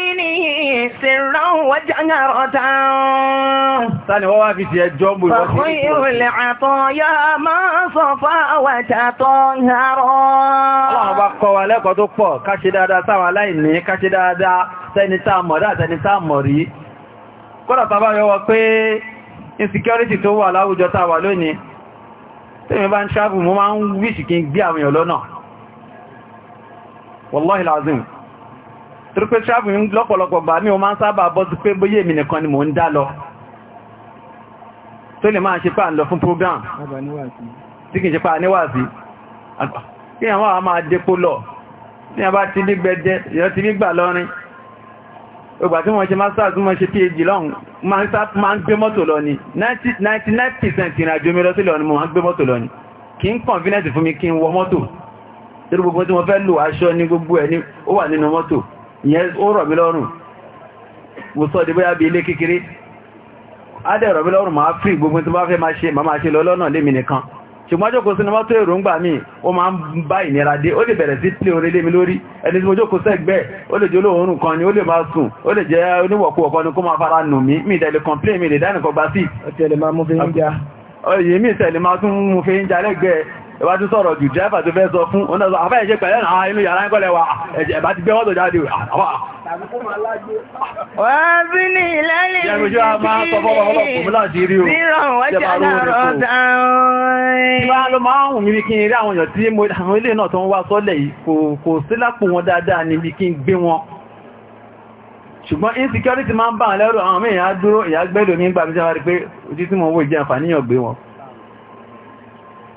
A: kọ́ wa lẹ́kọ̀ọ́ tó pọ̀ ká ṣe dáadáa sáwọn aláìní ká ṣe dáadáa sẹ́ni tá a mọ̀ dá sẹ́ni tá a pé insecurity tó wà láwùjọ tá lónìí tẹ́mi bá ń ṣáàbù mo máa ń wíṣì kí n gbé àwọn èèyàn lọ́nà wallahi lazim torí pé ṣáàbù lọ́pọ̀lọpọ̀ gbà ní o máa ń sábà bọ́ sí pé bóyé mi nìkan ni mò ń dá lọ tó lè máa ṣe pà ń lọ fún program tí kìí ṣe pà níwàásí kí àwọn àwọn máa dépò lọ tí wọ́n bá ti ní ìgbà tí wọ́n ṣe masters wọ́n ṣe phd lọ́n máa ń gbé mọ́tò lọ ni 99% ìrìnàjò mi lọ sí lọ́nà mo máa ń gbé mọ́tò lọ ni kí n convenient fún mi kí n wọ mọ́tò torí gbogbo tí wọ́n fẹ́ lò aṣọ ní gbogbo ẹni ó wà nínú mọ́tò ìyẹn ó rọ̀ mí lọ́rùn mo sọ di bóyá bí ilé kékeré á dẹ̀ rọ̀ mí lọ́rùn máa free gbogbo tí wọ́n fẹ́ máa ṣe máa ṣe lọ lọ́nà lémi nìkan ṣùgbọ́n jókòó sí ni wọ́n tó èròǹgbà mi ó máa ń bá ìnira dé ó lè bẹ̀rẹ̀ sí plé orin lé mi lórí ẹni tí mo jókòó sẹ́gbẹ́ ó lè jẹ́ olóòórùn kan ni ó lè máa sùn ó lè jẹ́ oníwọ̀kúwọ̀kọ́ ni kó máa fara nù mí mi ìdẹ̀lẹ̀ complain mi lè ẹ̀bá ti sọ̀rọ̀ jù dẹ́fà tó fẹ́ sọ fún ọ̀nà àfẹ́ ìṣẹ́ pẹ̀lẹ́ náà inú yàrá ń kọ́lẹ̀ ẹ̀bá ti gbẹ́wọ́ tó jáde ṣùgbọ́n insecurity máa ń bá àwọn àwọn mẹ́rin á ìyàgbẹ́lò ní gbàmíjẹ́ rí pé ojú tí mo wó ìjẹ́ àǹfàníyàn gbé wọn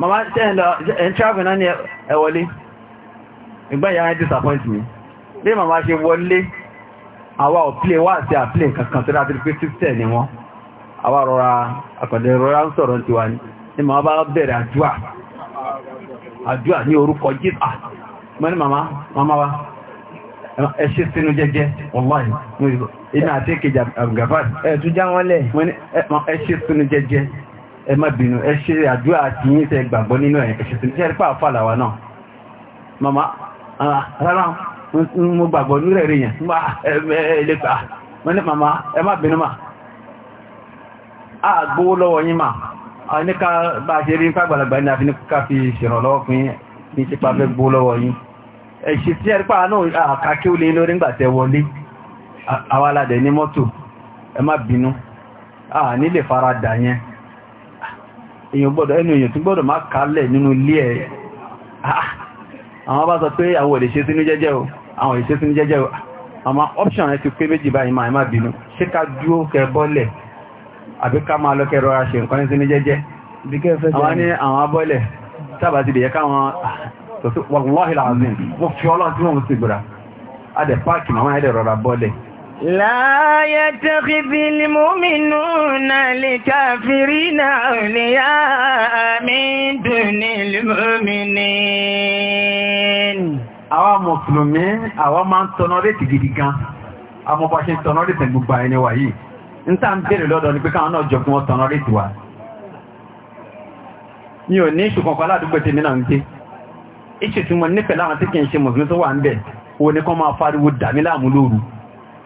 A: mama ṣẹ́yìn travel náà ni ẹ wọlé ìgbẹ́yà rẹ̀ disappoint me bí mama ṣe wọlé àwa ò play wá àti àplé kankan tó dáadé pé 60 ni wọ́n àwa rọra àkọ̀dẹ̀ rọra ń sọ̀rọ̀ tiwa ni mama bá bẹ̀rẹ̀ àdúà àdúà ní orúkọ jíta ah, mọ́ni mama mama wa ẹ ṣe sínú jẹ́jẹ́ wọ́nláì iná àti èkejì àgbàfà ẹ̀ tún já wọ́n lẹ̀ ẹ ṣe sínú jẹ́jẹ́ ẹ má bínú ẹ ṣe àdúrà àti yín tẹ gbàgbọ́ nínú ẹ̀ ẹ̀ṣẹ̀ tí ṣe pàà fàlàwà náà mama rárá mo gbàgbọ́ nínú rẹ̀ yẹn ẹ̀ẹ́lẹ́pàá wọ́n ní mama ẹ má bínú ma a gbówó lọ́wọ́ yín ma a ní ká bá ṣe rí fàgbàlagbà ní àfi ní ká fi ṣèrànlọ́wọ́ fún yín ní ṣe pàfẹ́ gbówó lọ́wọ́ yín ẹ̀ṣẹ̀ tí ẹ̀rí pàà náà àkàkí ó lé lórí ńgbà tẹ wọlé àwàládẹ̀ ní mọ́tò ẹ má bínú a nílè fara dà yẹn èyàn gbọ́dọ̀ ẹnu èyàn tí gbọ́dọ̀ má kálẹ̀ nínú ilé ẹ̀ ah, àwọn bá sọ pé àwọn èdè ṣe sínú jẹ́jẹ́ o àwọn èdè ṣe sínú jẹ́jẹ́ o àmọ́ option rẹ ti pé méjì báyìí máa má bínú ṣé ká dúró kẹ bọ́lẹ̀ àbí ká máa lọ́kẹ́ rọra ṣe nǹkan sínú jẹ́jẹ́ àwọn ní àwọn abọ́lẹ̀ tábà ti dè yẹ káwọn wọ́n lọ́hìlà àzín mo fi ọlọ́run tí wọ́n ti gbòrà adẹ̀ páàkì màmá ẹ̀dẹ̀ rọra bọ́lẹ̀
B: لا يتخذ المؤمنون الكافرين أولياء من دون
A: المؤمنين àwọn mùsùlùmí àwọn máa ń tọ́nà rétì gidi gan amọ́báṣe tọ́nà rétì gbogbo ẹni wà yìí ń tàà ń bèèrè lọ́dọ̀ ní pé káwọn náà jọkún wọn tọ́nà rétì wà ní ò ní ìṣù kankan aládùúgbò tí ń gbé ìṣù tí mo nífẹ̀ẹ́ láwọn tí kì ṣe mùsùlùmí tó wà ń bẹ̀ wo ni kọ́ máa fariwo dàmí láàmú lóru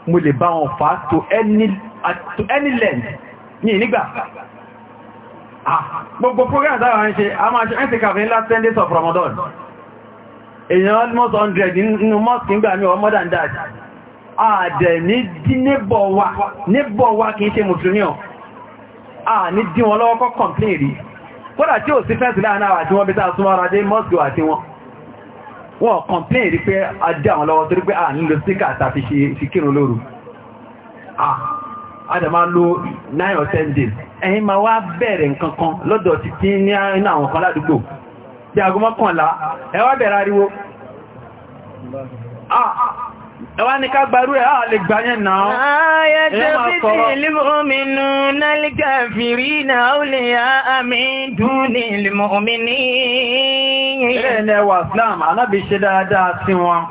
A: mo lè bá wọn fà to any to any length ní ìnígbà ah, gbogbo program dára ń ṣe a máa ṣe ẹ́ntìkà fún ńlá 10 days of Ramadan èyàn almost 100 nínú mosque ńgbà mi or more than that
B: ààdẹ̀
A: ní dí nébọ̀ wa nébọ̀ wa kìí ṣe mùsùlùmí ọ̀ à ní dí wọn lọ́wọ́ kọ́ complain rí kódà tí ò sí fẹ́ǹsì láàárín àwọn àti wọn bí sáà súnmọ́ ara dé wọ́n complain rí pé a dé àwọn lọ́wọ́ torí pé a nílò síkà àtàfi ṣe kírun lóru àdàmà lo 9 or 10 days ẹ̀yin ma wá bẹ̀rẹ̀ nǹkan kan lọ́dọ̀ ti kí ní àárín àwọn kan ládùúgbò bí agomọ́kànlá ẹ wá bẹ̀rẹ̀ ariwo ẹwà ní ká gbarú ẹ̀ àà lè gbà yẹn náà ayẹ́ tẹ́
B: fífí lílmọ́mínú nálíkà fìrí náà ó lè yá àmì dùn
A: ní lílmọ́míní ẹ̀rẹ́lẹ̀ wà Islam anábi ṣe dáadáa sí wọn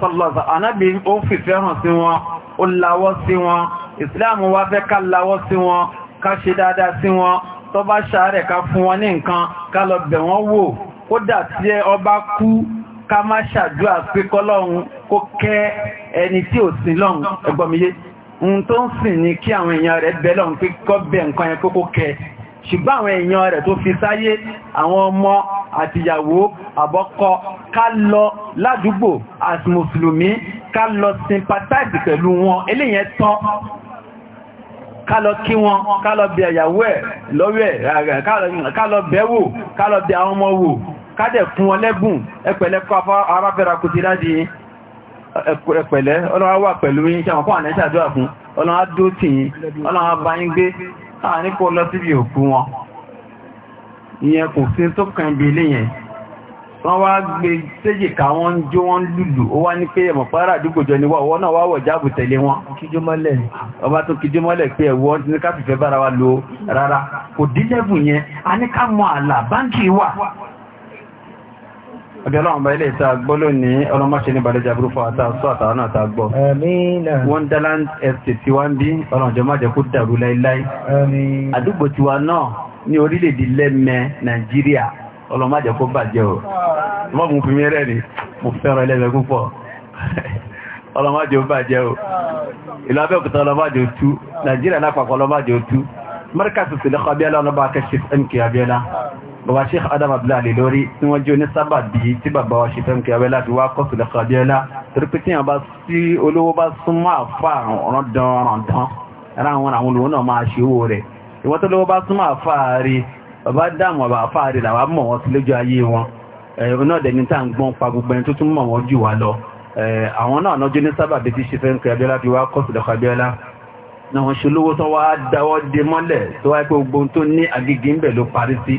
A: sọ́lọ́sà anábi ó fìfẹ́ hàn sí wọn ó láwọ́ sí wọn Islam wá fẹ́ ká láwọ́ sí wọn ká ṣe dáadáa sí wọn tó bá ṣàárẹ̀ ká fún wọn ní nǹkan ká lọ bẹ̀ wọ́n wò kódà tí ọba kú ká má ṣàdúrà pé kọ́lọ́run kó kẹ́ ẹni tí ò sin lọ́n ẹgbọ́miyé ohun tó ń sìn ní kí àwọn èèyàn rẹ̀ bẹ́ lọ́n pé kọ́ bẹ̀ nǹkan yẹn kókó kẹ́ ṣùgbọ́n àwọn èèyàn rẹ̀ tó fi sáyé àwọn ọmọ àtìyàwó àbọ́kọ ká lọ ládùúgbò as mùsùlùmí ká lọ sympathize pẹ̀lú wọn eléyẹn tán ká lọ kí wọn ká lọ bẹ̀ ìyàwó ẹ̀ lọ́wọ́ ká lọ bẹ̀wò ká lọ bẹ̀ àwọn ọmọ wò ká dẹ̀ fún wọn lẹ́bùn ẹ pẹ̀lẹ́ kọ́ afárá fẹ́ra ẹ̀pẹ̀lẹ́ ọlọ́wà wà pẹ̀lú yín ṣàwọn fún ànẹ́ṣà àdúrà fún ọlọ́wà dó tì yín ọlọ́wà bá yín gbé láàrin kó lọ síbi òkú wọn ìyẹn kò sí tó kàn bí ilé yẹn wọ́n wá gbé séjì ká wọ́n ń jó wọ́n lùlù ó wá ní pé ẹ̀mọ̀ pàárà àdúgbò jọ ni wà wọ́n náà wá wọ̀ jáàbù tẹ̀lé wọn kíjómọ́lẹ̀ ọba tó kíjómọ́lẹ̀ pé ẹ̀wọ́ ní káfífẹ́ bára wa lò rárá kò dílẹ́bù yẹn a ní ká mọ àlà báńkì wà abẹ́lọ́ àwọn ilé ìta gbọ́lò ní ọlọ́mọ́ṣẹ́ ní balẹ̀jà burúkú àtàṣọ́ àtàwọn náà ta gbọ́. wonderland estate ti wá ń bí ọlọ́njọ́ má jẹ́ kó dàrú láíláí. àdúgbò tiwa náà ní orílẹ̀-èdè lẹ́mẹ nàìjíríà ọlọ́mọ́jẹ́ kó bàjẹ́ o. wọ́n mú fi mí rẹ̀ ni mo fẹ́ràn ẹlẹ́mẹ púpọ̀ ọlọ́mọ́jẹ́ ó bàjẹ́ o. ìlú abẹ́òkúta ọlọ́mọ́jẹ́ ó tú nàìjíríà lápapọ̀ ọlọ́mọ́jẹ́ ó tú mẹ́ríkà tuntun lẹ́kọ̀ọ́ abẹ́lá ọlọ́ba akẹ́ṣẹ́ bàbá sheikh adam abdullahi lórí tí wọ́n jẹ́ onísábà bí tí bàbá wa ṣe fẹ́ kí abẹ́lá fi wá kọ́sùlẹ̀ kọ́díẹ́lá torípé tí wọ́n bá sí olówó bá súnmọ́ àfà ọ̀ràn dán ẹ̀rọ àwọn àwọn olówó náà máa ṣe owó rẹ̀ ìwọ́n tó lówó bá súnmọ́ àfà rí bàbá dààmú àbá àfà rí làwọn mọ̀ wọ́n sí lójú ayé wọn ẹ̀rọ náà dẹni tá à ń gbọ́n pa gbogbo ẹni tó tún mọ̀ wọ́n jù wá lọ àwọn náà lọ́jọ́ ní sábà bí ti ṣe kí abẹ́lá fi wá kọ́sùlẹ̀ kọ́díẹ́lá náà wọ́n ṣe olówó tó wá dáwọ́ dé mọ́lẹ̀ tó wáyé pé gbogbo tó ní agége ń bẹ̀ ló parí sí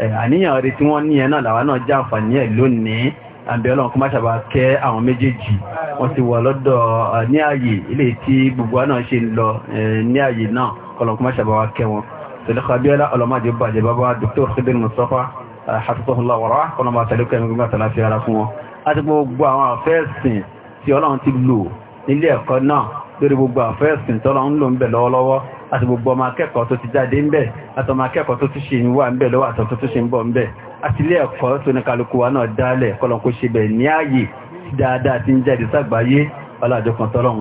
A: àníyàn rẹ̀ tí wọ́n ní ẹ̀ náà làwa náà já àǹfààní ẹ̀ lónìí àbí ọlọ́run kó má ṣàbà kẹ́ àwọn méjèèjì wọ́n ti wà lọ́dọ̀ ní ààyè ilé tí gbogbo náà ṣe lọ ní ààyè náà ọlọ́run kó má ṣàbà kẹ́ wọn sọ̀dọ̀kọ̀ abíọ́lá ọlọ́mọdé bàjẹ́ bàbá dr khidir mustapha hafizahullah wàrà ọlọ́mọ àtàlẹ́kọ̀ ẹ̀mí gbogbo àtàlàfíà ara fún wọn àti gbogbo àwọn àfẹ́ẹ̀sìn tí ọlọ́run ti lò nílé ẹ̀kọ́ náà lórí gbogbo àfẹ́ẹ̀sìn tọ́lọ́run àti gbogbo ọmọ akẹ́kọ̀ọ́ tó ti jáde ń bẹ̀ àti ọmọ akẹ́kọ̀ọ́ tó ti ṣe ń wà ń bẹ̀ lọ́wọ́ àtọ̀ tó ti ṣe ń bọ̀ ń bẹ̀ àti ilé ẹ̀kọ́ tó ní kálukú wa náà dálẹ̀ kọ́lọ́n kó ṣe bẹ̀ ní ààyè dáadáa ti ń jáde sàgbáyé ọlọ́àjọkan tọ́lọ́run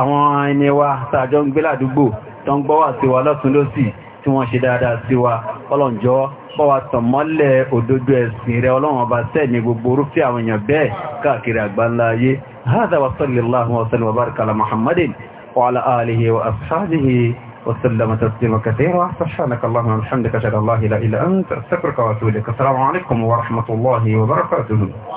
A: àwọn ẹni wa tààjọ ń gbé ládùúgbò tó ń gbọ́ wà sí wa وعلى آله وأصحابه وسلم تسليما كثيرا سبحانك اللهم وبحمدك اشهد ان لا اله الا انت استغفرك واتوب اليك السلام عليكم ورحمه الله وبركاته